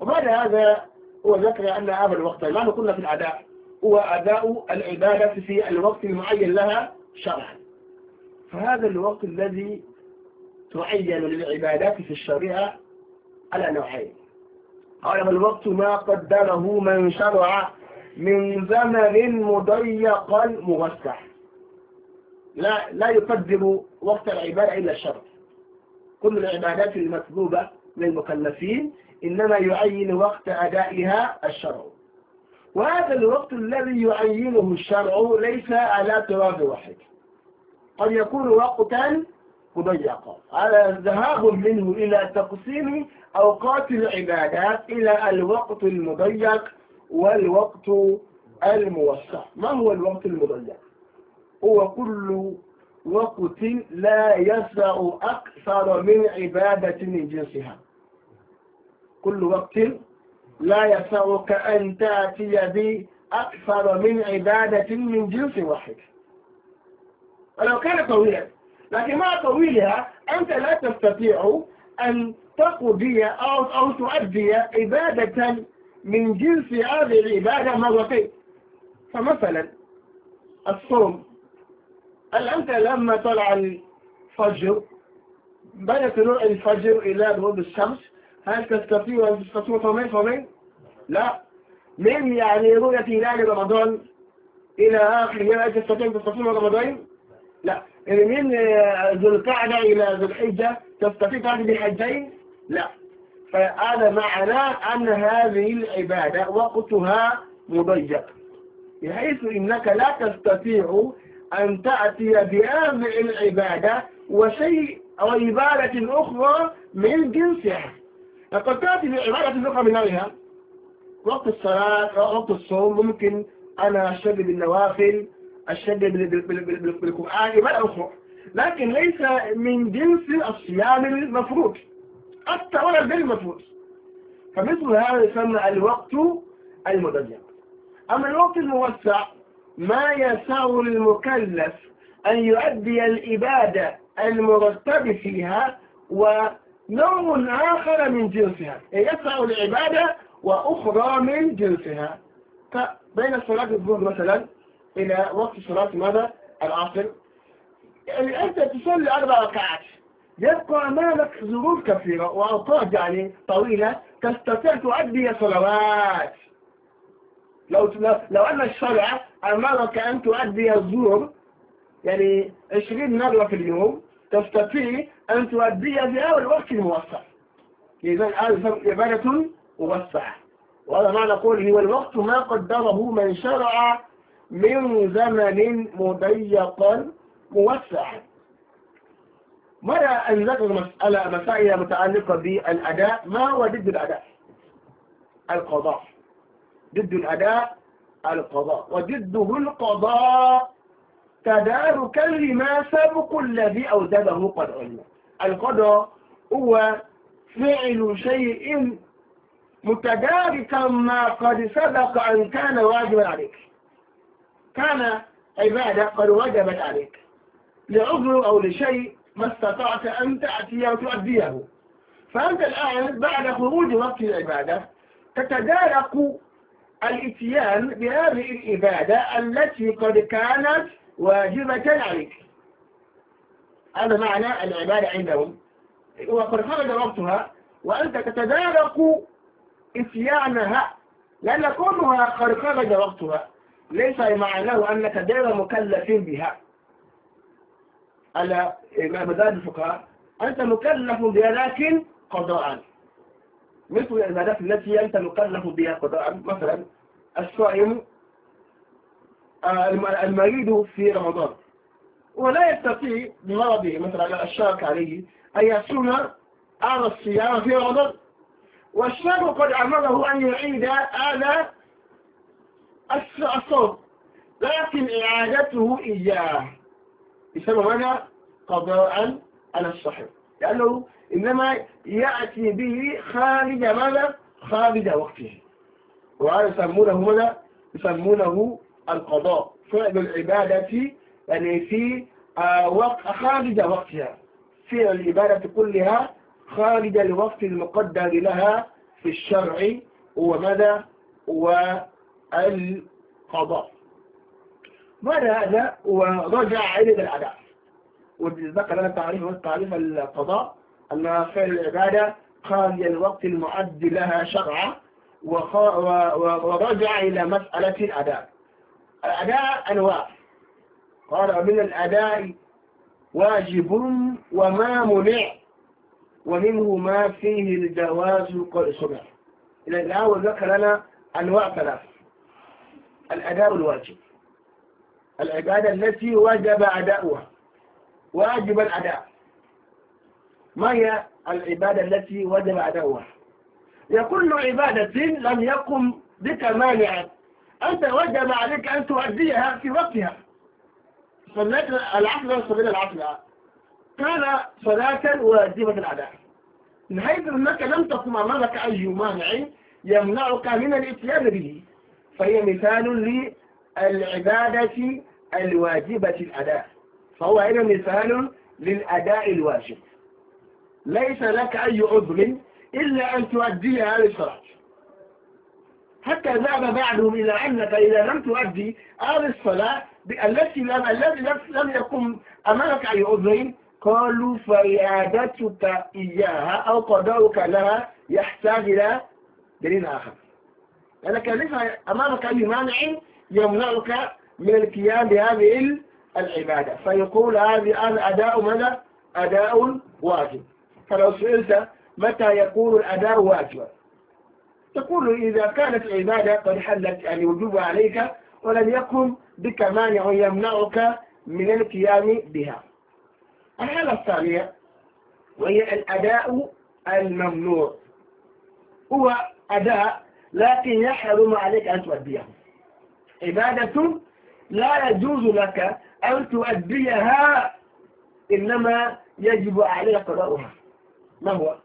وبعد هذا هو ذكر أن هذا الوقت ما قلنا في الأداء هو أداء العبادة في الوقت المعين لها شرعا فهذا الوقت الذي تعين للعبادات في الشريعة على نوعين قال الوقت ما قدره من شرع من زمن مضيقا موسع لا لا يقدر وقت العبادة إلا الشرع كل العبادات المطلوبة للمكلفين إنما يعين وقت أدائها الشرع وهذا الوقت الذي يعينه الشرع ليس على طراز واحد قد يكون وقتا مضيقا على ذهاب منه إلى تقسيم أوقات العبادات إلى الوقت المضيق والوقت الموسع ما هو الوقت المضيق؟ هو كل وقت لا يسع أكثر من عبادة من جنسها كل وقت لا يسعك أن تأتي بأكثر من عبادة من جنس واحد ولو كان طويلا لكن مع طويلها أنت لا تستطيع أن تقضي أو, أو تؤدي عبادة من جنس هذه العبادة مرتين فمثلا الصوم هل أنت لما طلع الفجر بدأ طلوع الفجر إلى غروب الشمس هل تستطيع أن تستطيع صومين صومين؟ لا من يعني رؤية هلال رمضان إلى يوم هل تستطيع أن تستطيع رمضان؟ لا يعني من آه، ذو القعدة إلى ذو الحجة تستطيع تعمل بحجين لا فهذا معناه أن هذه العبادة وقتها مضيق بحيث إنك لا تستطيع أن تأتي بآمع العبادة وشيء أو عبادة أخرى من جنسها لقد تأتي بعبادة أخرى من غيرها وقت الصلاة وقت الصوم ممكن أنا أشتغل بالنوافل الشد بالقرآن بل أخرى لكن ليس من جنس الصيام المفروض حتى ولا غير المفروض فمثل هذا يسمى الوقت المضيق أما الوقت الموسع ما يسع للمكلف أن يؤدي الإبادة المرتب فيها ونوع آخر من جنسها إيه، يسع العبادة وأخرى من جنسها بين الصلاة الظهر مثلا إلى وقت صلاة ماذا؟ العصر يعني أنت تصلي أربع ركعات يبقى أمامك ظروف كثيرة وأوقات يعني طويلة تستطيع تؤدي صلوات لو لو أن الشرع أمرك أن تؤدي الظهر يعني 20 مرة في اليوم تستطيع أن تؤدي في أول وقت موسع إذا هذا عبادة موسعة وهذا معنى قوله والوقت ما قدره من شرع من زمن مضيقا موسع مرة أن ذكر مسألة مسائل متعلقة بالأداء ما هو ضد الأداء القضاء ضد الأداء القضاء وضده القضاء تداركا لما سبق الذي أوجبه قد علم القضاء هو فعل شيء متداركا ما قد سبق أن كان واجبا عليك كان عبادة قد وجبت عليك لعذر أو لشيء ما استطعت أن تأتيه وتؤديه فأنت الآن بعد خروج وقت العبادة تتدارك الاتيان بهذه العبادة التي قد كانت واجبة عليك هذا معنى العبادة عندهم وقد خرج وقتها وأنت تتدارك إتيانها لأن كونها قد خرج وقتها ليس معناه أنك غير مكلف بها على مداد الفقهاء أنت مكلف بها لكن قضاء مثل العبادات التي أنت مكلف بها قضاء مثلا الصائم آه، المريض في رمضان ولا يستطيع بمرضه مثلا الشاك عليه أن يصوم هذا الصيام في رمضان والشاك قد أمره أن يعيد هذا الصوت لكن إعادته إياه يسمى ماذا؟ قضاء على الصحيح لأنه إنما يأتي به خارج ماذا؟ خارج وقته وهذا يسمونه ماذا؟ يسمونه القضاء فعل العبادة يعني في آه، وقت خارج وقتها فعل العبادة كلها خارج الوقت المقدر لها في الشرع وماذا؟ وماذا؟ القضاء معنى هذا ورجع عدد الاداء وذكر لنا تعريف تعريف القضاء أن فعل العبادة قاضي الوقت المعد لها شرعا ورجع إلى مسألة الأداء الأداء أنواع قال من الأداء واجب وما منع ومنه ما فيه الجواز قد سمع إلى الآن ذكر لنا أنواع ثلاثة الأداء الواجب العبادة التي وجب أداؤها واجب الأداء ما هي العبادة التي وجب أداؤها يقول عبادة لم يقم بك مانع أنت وجب عليك أن تؤديها في وقتها صليت العصر صليت العصر كان صلاة واجبة الأداء من حيث أنك لم تقم أمامك أي مانع يمنعك من الإتيان به فهي مثال للعبادة الواجبة الأداء فهو هنا مثال للأداء الواجب ليس لك أي عذر إلا أن تؤدي هذه الصلاة حتى ذهب بعضهم إلى أنك إذا لم تؤدي هذه الصلاة التي لم لم يكن أمامك أي عذر قالوا فعيادتك إياها أو قضاؤك لها يحتاج إلى دليل آخر لأنك ليس أمامك أي مانع يمنعك من القيام بهذه العبادة فيقول هذه أنا أداء ماذا؟ أداء واجب فلو سئلت متى يكون الأداء واجبا؟ تقول إذا كانت العبادة قد حلت يعني وجوب عليك ولم يكن بك مانع يمنعك من القيام بها الحالة الثانية وهي الأداء الممنوع هو أداء لكن يحرم عليك أن تؤديها عبادة لا يجوز لك أن تؤديها إنما يجب عليك قضاؤها ما هو؟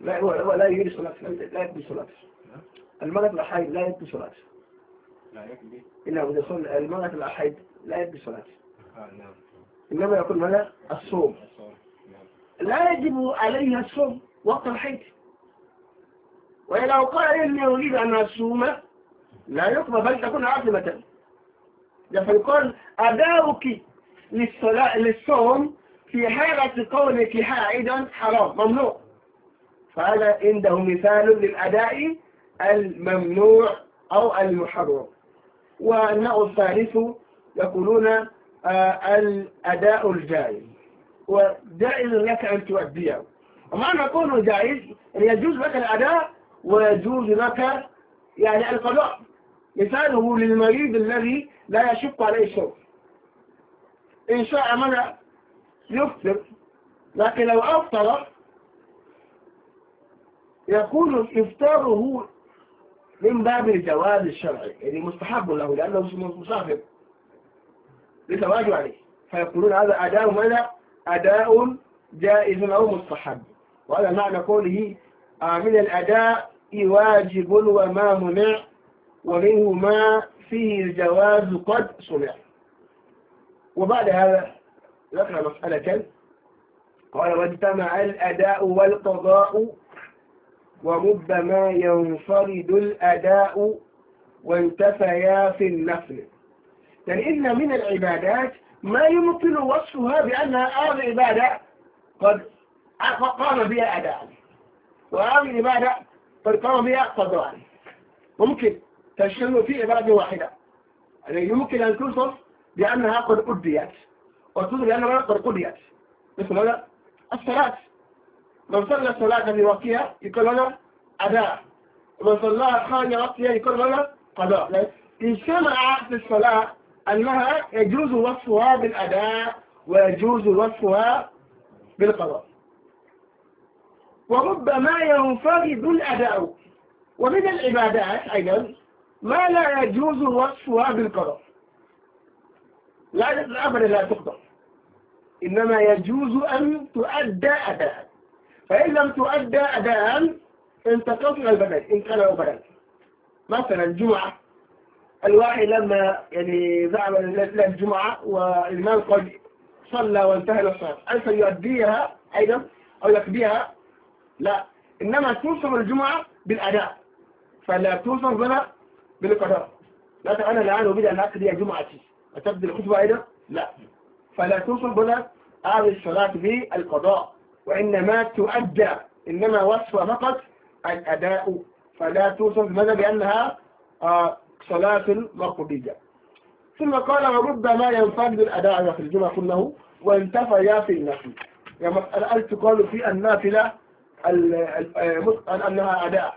لا هو لا يجري صلاة لا يكبي صلاة المرأة الأحيد لا يكبي صلاة لا يكبي إلا ودخول المرأة الأحيد لا يكبي صلاة آه، نعم. إنما يقول ماذا؟ الصوم نعم. لا يجب عليها الصوم وقت الحيض ولو قال إني أريد أن أصوم لا يقبل بل تكون عاقبة فيقول أداؤك للصوم في حالة كونك حائدا حرام ممنوع فهذا عنده مثال للأداء الممنوع أو المحرم والنوع الثالث يقولون آه، الأداء الجائز وجائز لك أن تؤديه وما نقول جائز يجوز لك الأداء ويجوز لك يعني القضاء مثاله للمريض الذي لا يشق عليه الشوق إن شاء منع يفطر لكن لو أفطر يكون إفطاره من باب الجواز الشرعي يعني مستحب له لأنه مسافر ليس عليه فيقولون هذا أداء ماذا؟ أداء جائز أو مستحب وهذا معنى قوله آه، من الأداء واجب وما منع ومنه ما فيه الجواز قد صنع وبعد هذا ذكر مسألة قال واجتمع الأداء والقضاء وربما ينفرد الأداء وانتفيا في النفل يعني إن من العبادات ما يمكن وصفها بأنها أرض عبادة قد قام بها أداء وهذه العبادة فالقوم بها قدران ممكن تشتمل في عبادة واحدة يعني يمكن أن توصف بأنها قد أديت وتوصف بأنها قد قضيت مثل هذا الصلاة من صلى الصلاة في وقتها يقول لنا أداء ومن صلاها خارج وقتها يقول لنا قضاء سمع في الصلاة أنها يجوز وصفها بالأداء ويجوز وصفها بالقضاء وربما ينفرد الأداء ومن العبادات أيضا ما لا يجوز وصفها بالقضاء لا أبدا لا تقضى إنما يجوز أن تؤدى أداء فإن لم تؤدى أداء انتقلت إلى البدن إن كان بدن مثلا الجمعة الواحد لما يعني زعم الجمعة والإمام قد صلى وانتهى الصلاة ألف يؤديها أيضا أو يقضيها لا إنما توصف الجمعة بالأداء فلا توصف بنا بالقضاء لا أنا الآن أريد أن أقضي جمعتي أتبدي الخطبة أيضا لا فلا توصف بنا هذه الصلاة بالقضاء وإنما تؤدى إنما وصف فقط الأداء فلا توصف ماذا بأنها آه، صلاة مقبوله ثم قال وربما ينفرد الأداء في الجمعة كله وانتفى يا في النفي يا مسألة قالوا في النافلة المتقن آه، أنها أداء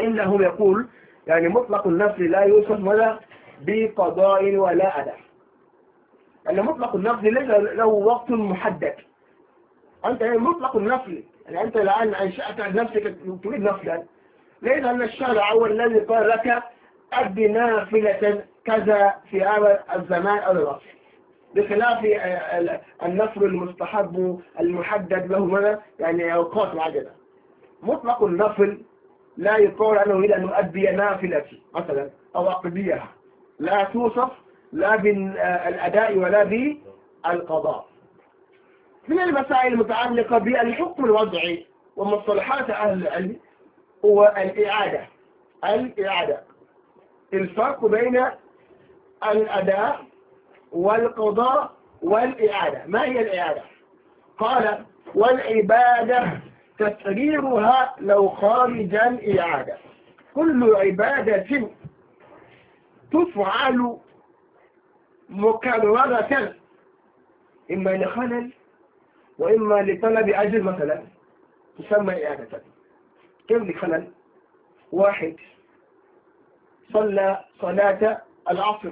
إنه يقول يعني مطلق النفس لا يوصف ماذا بقضاء ولا أداء أن مطلق النفس ليس له وقت محدد أنت يعني مطلق النفس يعني أنت الآن أنشأت عن نفسك تريد نفسا ليس أن الشارع هو الذي قال لك أد نافلة كذا في هذا الزمان أو الوقت بخلاف آه، النفر المستحب المحدد له ماذا يعني أوقات معددة مطلق النفل لا يقال أنه يريد أن يؤدي نافلتي مثلا أو أقضيها لا توصف لا بالأداء ولا بالقضاء من المسائل المتعلقة بالحكم الوضعي ومصطلحات أهل العلم هو الإعادة الإعادة الفرق بين الأداء والقضاء والإعادة ما هي الإعادة قال والعبادة تسريرها لو خارج الإعادة كل عبادة تفعل مكررة إما لخلل وإما لطلب أجل مثلا تسمى إعادة كيف لخلل واحد صلى صلاة العصر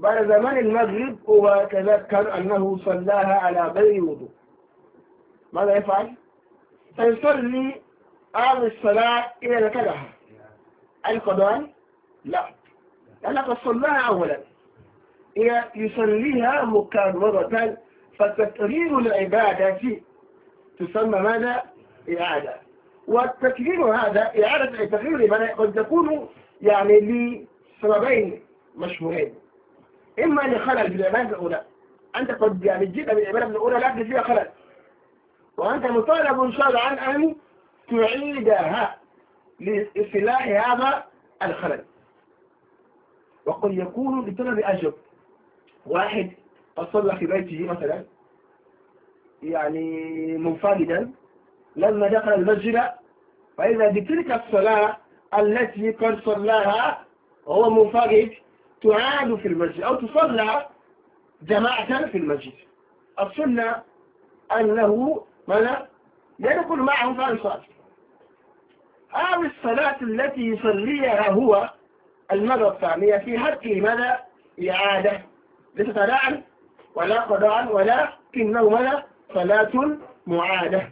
بعد زمان المغرب هو تذكر أنه صلاها على غير وضوء ماذا يفعل؟ فيصلي هذه الصلاة إذا ذكرها القضاء؟ لا قد صلاها أولا يصليها مكررة فتكرير العبادة تسمى ماذا؟ إعادة والتكرير هذا إعادة التكرير يعني قد تكون يعني لسببين مشهورين إما لخلل العبادة الأولى أنت قد يعني جئت بالعبادة الأولى لكن فيها خلل وأنت مطالب شرعا أن تعيدها لإصلاح هذا الخلل وقد يكون بسبب أجر واحد أصلى في بيته مثلا يعني منفردا لما دخل المسجد فإذا بتلك الصلاة التي قد صلاها وهو منفرد تعاد في المسجد أو تصلى جماعة في المسجد السنة أنه ماذا يدخل معه فيصلي أو الصلاة التي يصليها هو المرة الثانية في حقه ماذا إعادة ليس صلاة ولا قضاء ولكنه ماذا صلاة معادة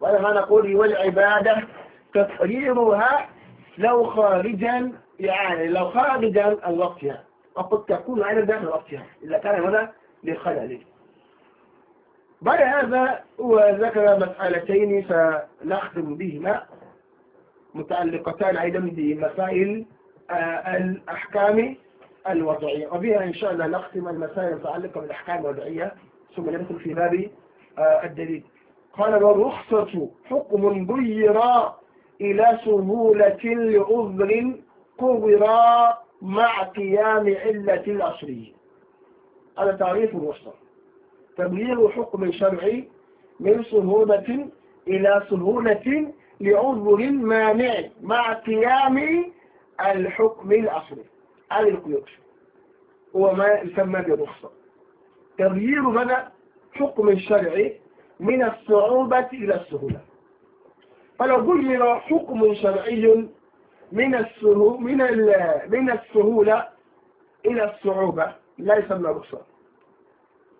ولما نقول والعبادة تقريرها لو خارجا يعني لو خارجا الوقت يعني. فقد تكون عين داخل رأسها إلا كان هذا لخلل بعد هذا هو ذكر مسألتين فنخدم بهما متعلقتان أيضا بمسائل آه، الأحكام الوضعية وبها إن شاء الله نختم المسائل المتعلقة بالأحكام الوضعية ثم ندخل في باب آه، الدليل قال والرخصة حكم غير إلى سهولة لعذر قبر مع قيام علة الأصلية هذا تعريف مصدر تبليغ حكم شرعي من سهولة إلى سهولة لعذر مانع مع قيام الحكم الأصلي على القيوش هو ما يسمى بالرخصة تغيير هنا حكم شرعي من الصعوبة إلى السهولة فلو غير حكم شرعي من السهو من من السهولة إلى الصعوبة لا يسمى رخصة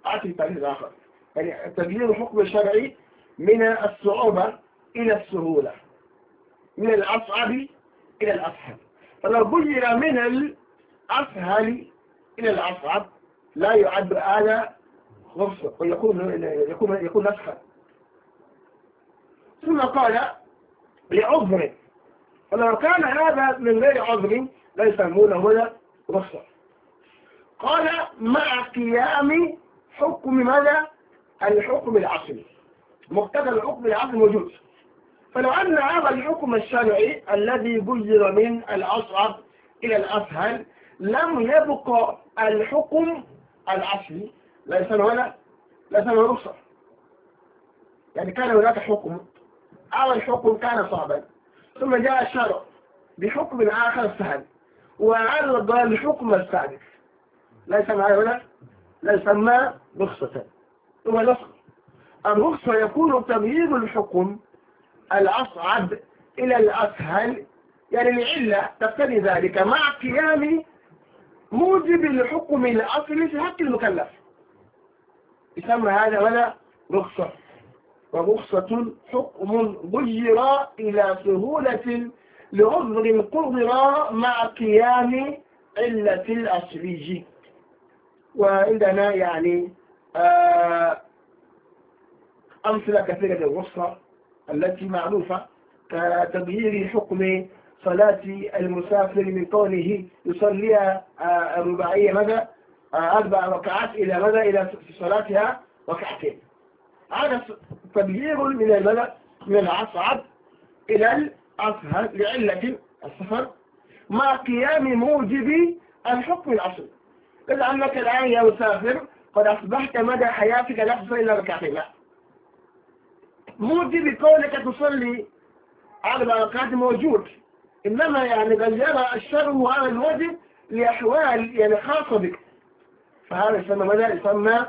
أعطي تعريف آخر يعني تبليغ الحكم الشرعي من الصعوبة إلى السهولة من الأصعب إلى الأسهل فلو بلغ من الأسهل إلى الأصعب لا يعد هذا رخصة ويكون يكون يكون نسخه ثم قال لعذر فلو كان هذا من غير عذر لا يسمونه هنا رخصة قال مع قيام حكم ماذا الحكم العصري مقتضى الحكم العصري موجود فلو أن هذا الحكم الشرعي الذي غير من الأصعب إلى الأسهل لم يبقى الحكم العصري لا يسمى هنا لا يسمى رخصة يعني كان هناك حكم أو الحكم كان صعبا ثم جاء الشرع بحكم آخر سهل وعرض الحكم السابق ليس معي هنا لا يسمى رخصة ثم نصر الرخصة يكون تغيير الحكم الأصعب إلى الأسهل يعني العلة تقتضي ذلك مع قيام موجب الحكم الأصلي في حق المكلف يسمى هذا ولا رخصة ورخصة حكم غير إلى سهولة لعذر قدر مع قيام علة الأسريج وعندنا يعني آه، أمثلة كثيرة للرخصة التي معروفة كتغيير حكم صلاة المسافر من كونه يصليها آه، رباعية مدى آه، أربع ركعات إلى مدى إلى صلاتها ركعتين هذا تبليغ من الملأ من الأصعب إلى الأصهر لعلة السفر مع قيام موجب الحكم الأصلي إذ أنك الآن يا مسافر قد أصبحت مدى حياتك لا تصلي إلا ركعتين موجب كونك تصلي على ركعات موجود إنما يعني غير الشر هذا الواجب لأحوال يعني خاصة بك فهذا يسمى ماذا؟ يسمى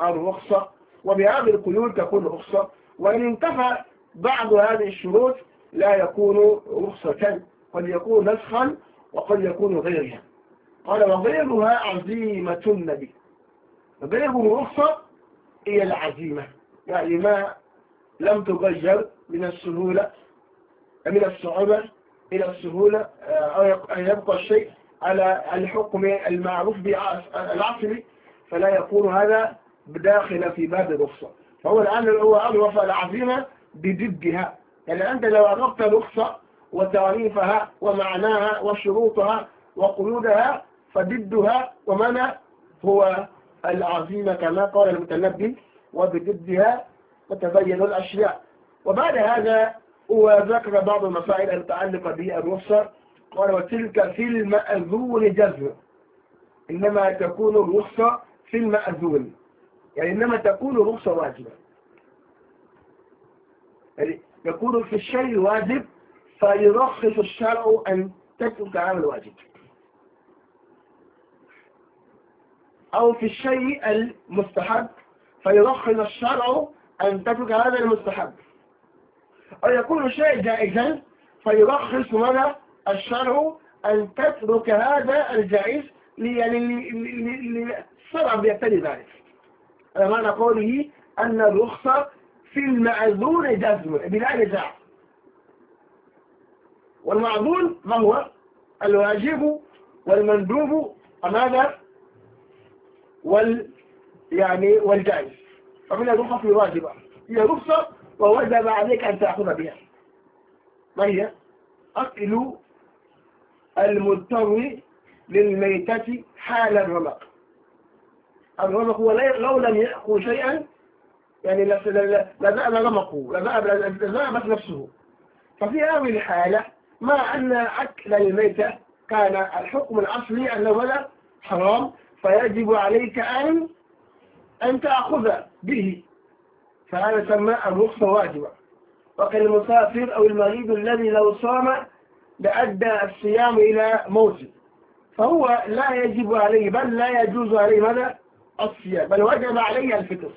الرخصة وبهذه القيود تكون رخصة وإن انتفى بعض هذه الشروط لا يكون رخصة قد يكون نسخا وقد يكون غيرها قال وغيرها عزيمة النبي غير رخصة هي العزيمة يعني ما لم تغير من السهولة من الصعوبة إلى السهولة آه، أن يبقى الشيء على الحكم المعروف بالعصر فلا يكون هذا داخلة في باب الرخصة فهو الآن هو أضرف العزيمة بضدها يعني أنت لو عرفت الرخصة وتعريفها ومعناها وشروطها وقيودها فضدها ومنع هو العزيمة كما قال المتنبي وبضدها تتبين الأشياء وبعد هذا هو ذكر بعض المسائل المتعلقة بالرخصة قال وتلك في المأذون جزم إنما تكون الرخصة في المأذون يعني إنما تكون رخصة واجبة يعني يكون في الشيء واجب فيرخص الشرع أن تترك عمل الواجب أو في الشيء المستحب فيرخص الشرع أن تترك هذا المستحب أو يكون الشيء جائزا فيرخص ماذا الشرع أن تترك هذا الجائز للسبب يقتضي ذلك على معنى قوله أن الرخصة في المعذور جزم بلا نزاع والمعذور ما هو الواجب والمندوب ماذا وال يعني والجائز فمن الرخص الواجبة هي رخصة ووجب عليك أن تأخذ بها ما هي أكل المضطر للميتة حال الرمق الرمق هو لو لم يأكل شيئا يعني لذأب رمقه لذأب لذأبت نفسه ففي هذه الحالة ما أن أكل الميتة كان الحكم الأصلي أنه ولا حرام فيجب عليك أن أن تأخذ به فهذا سمى الرخصة واجبة وكالمسافر أو المريض الذي لو صام لأدى الصيام إلى موته فهو لا يجب عليه بل لا يجوز عليه ماذا الصيام بل وجب علي الفطر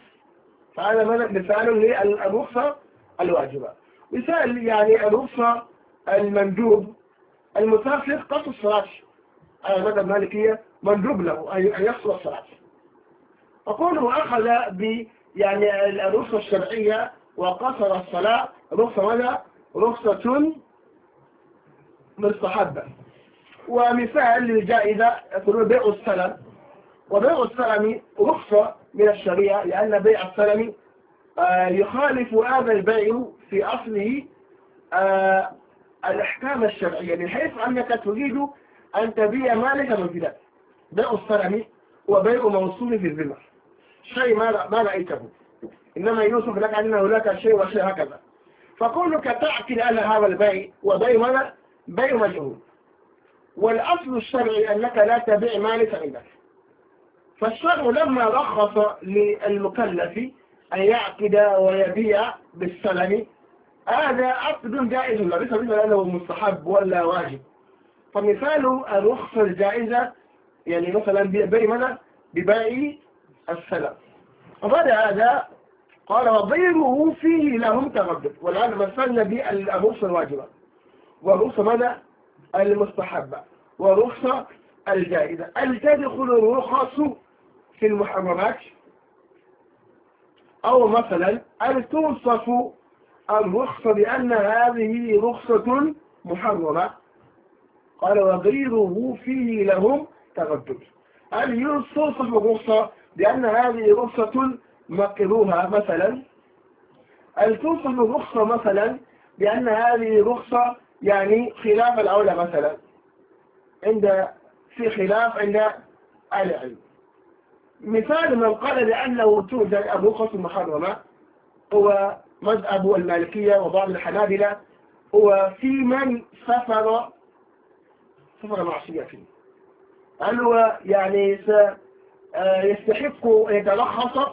فهذا مثال للرخصة الواجبة مثال يعني الرخصة المندوب المسافر قصر الصلاة على مدى المالكية مندوب له أن يقصر الصلاة أقول أخذ ب يعني الرخصة الشرعية وقصر الصلاة رخصة ماذا؟ رخصة مستحبة ومثال للجائزة يقولون بيع السلم وبيع السلم رخصة من الشريعة لأن بيع السلم آه، يخالف هذا البيع في أصله آه، الأحكام الشرعية من حيث أنك تريد أن تبيع مالك منزلا بيع السلم وبيع موصول في الذمة شيء ما ما رأيته إنما يوصف لك أن هناك شيء وشيء هكذا فكونك تعقل على هذا البيع وبيع ماذا؟ بيع مجهول والأصل الشرعي أنك لا تبيع مالك عندك فالشرع لما رخص للمكلف أن يعقد ويبيع بالسلم هذا عقد جائز ليس مثل أنه مستحب ولا واجب فمثال الرخصة الجائزة يعني مثلا بيع ماذا؟ ببيع السلم وبعد هذا قال وغيره فيه لهم تردد والآن مثلنا بالرخصة الواجبة والرخصة ماذا؟ المستحبة والرخصة الجائزة التدخل الرخص في المحرمات أو مثلا أن توصف الرخصة بأن هذه رخصة محرمة قال وغيره فيه لهم تغدد هل يوصف الرخصة بأن هذه رخصة مكروهة مثلا هل توصف الرخصة مثلا بأن هذه رخصة يعني خلاف الأولى مثلا عند في خلاف عند العلم مثال من قال لأنه توجد الرخص المحرمة هو مذهب المالكية وبعض الحنابلة هو في من سفر سفر معصية فيه هل هو يعني آه، يستحق أن يتلخص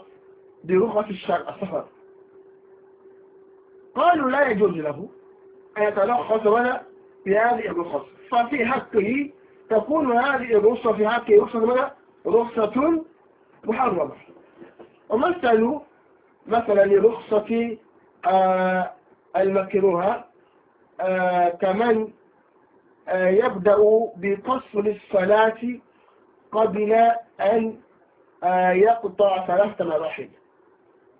برخص الشرع السفر قالوا لا يجوز له أن يتلخص ولا بهذه الرخص ففي حقه تكون هذه الرخصة في حقه رخصة ولا رخصة محرم ومثل مثلا لرخصة آه، المكروهة آه، كمن آه، يبدأ بقصر الصلاة قبل أن يقطع ثلاثة مراحل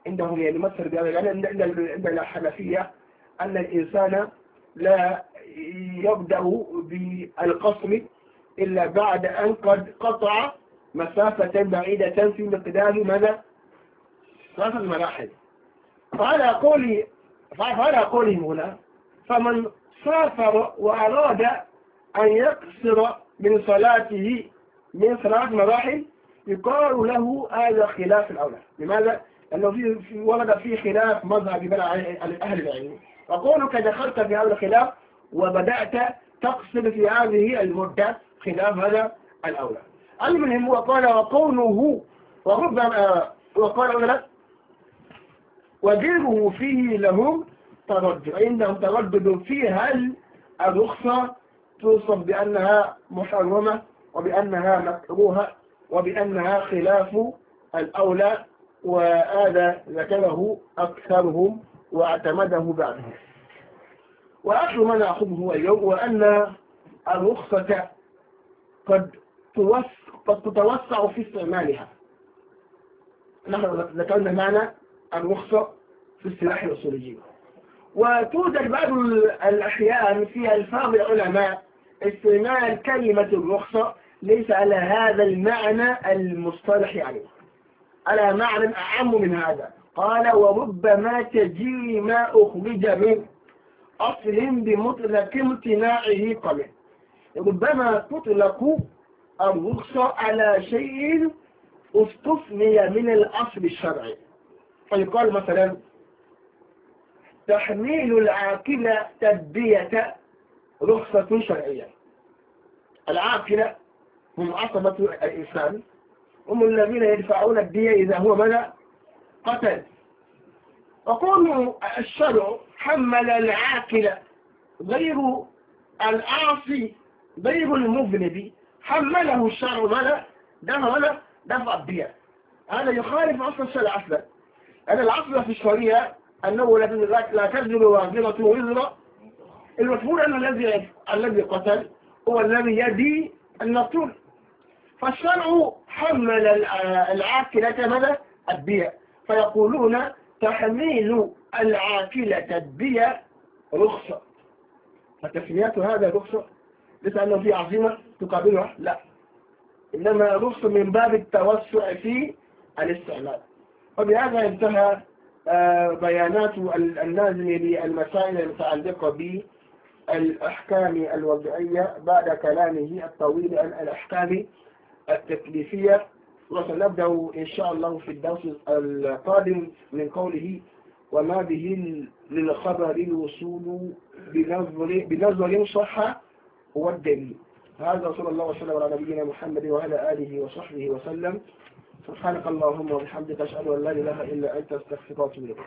عندهم يعني مثل بهذا عند عند الحنفية أن الإنسان لا يبدأ بالقصر إلا بعد أن قد قطع مسافة بعيدة في مقدار ماذا؟ ثلاثة مراحل فعلى قولي فعلى قولي هنا فمن سافر وأراد أن يقصر من صلاته من ثلاث مراحل يقال له هذا خلاف الأولى لماذا؟ لأنه في ورد فيه خلاف مذهب بين أهل العلم وقولك دخلت في هذا الخلاف وبدأت تقصر في هذه المدة خلاف هذا الأولى المهم وقال وقوله وربما وقال ولا وغيره فيه لهم تردد عندهم تردد في هل الرخصة توصف بأنها محرمة وبأنها مكروهة وبأنها خلاف الأولى وهذا ذكره أكثرهم واعتمده بعدهم وأكثر ما نأخذه اليوم هو أن الرخصة قد تتوسع في استعمالها نحن ذكرنا معنى الرخصة في السلاح الأصوليين وتوجد بعض الأحيان في ألفاظ العلماء استعمال كلمة الرخصة ليس على هذا المعنى المصطلح عليه يعني. على معنى أعم من هذا قال وربما تجي ما أخرج من أصل بمطلق امتناعه قبل ربما تطلق الرخصة على شيء استثني من الأصل الشرعي فيقال مثلا تحميل العاقلة تدبية رخصة شرعية العاقلة هم عصبة الإنسان هم الذين يدفعون الدية إذا هو ماذا قتل وقول الشرع حمل العاقلة غير العاصي غير المذنب حمله الشرع ماذا؟ ده ماذا؟ دفع الدية هذا يخالف أصل الشرع أصلا أن العصر في الشريعة أنه لا تجرب واجبة وزرة المفهوم أن الذي الذي قتل هو الذي يدي المقتول فالشرع حمل العاقلة ماذا؟ الدية فيقولون تحميل العاقلة الدية رخصة فتسمية هذا رخصة ليس أنه في عظيمة تقابلها لا إنما رخص من باب التوسع في الاستعمال وبهذا انتهى آه، بيانات النازل للمسائل المتعلقة بالأحكام الوضعية بعد كلامه الطويل عن الأحكام التكليفية وسنبدأ إن شاء الله في الدرس القادم من قوله وما به للخبر الوصول بنظر, بنظر صح هو الدليل هذا صلى الله وسلم على نبينا محمد وعلى آله وصحبه وسلم سبحانك اللهم وبحمدك أشهد أن لا إله إلا أنت استغفرك وأتوب إليك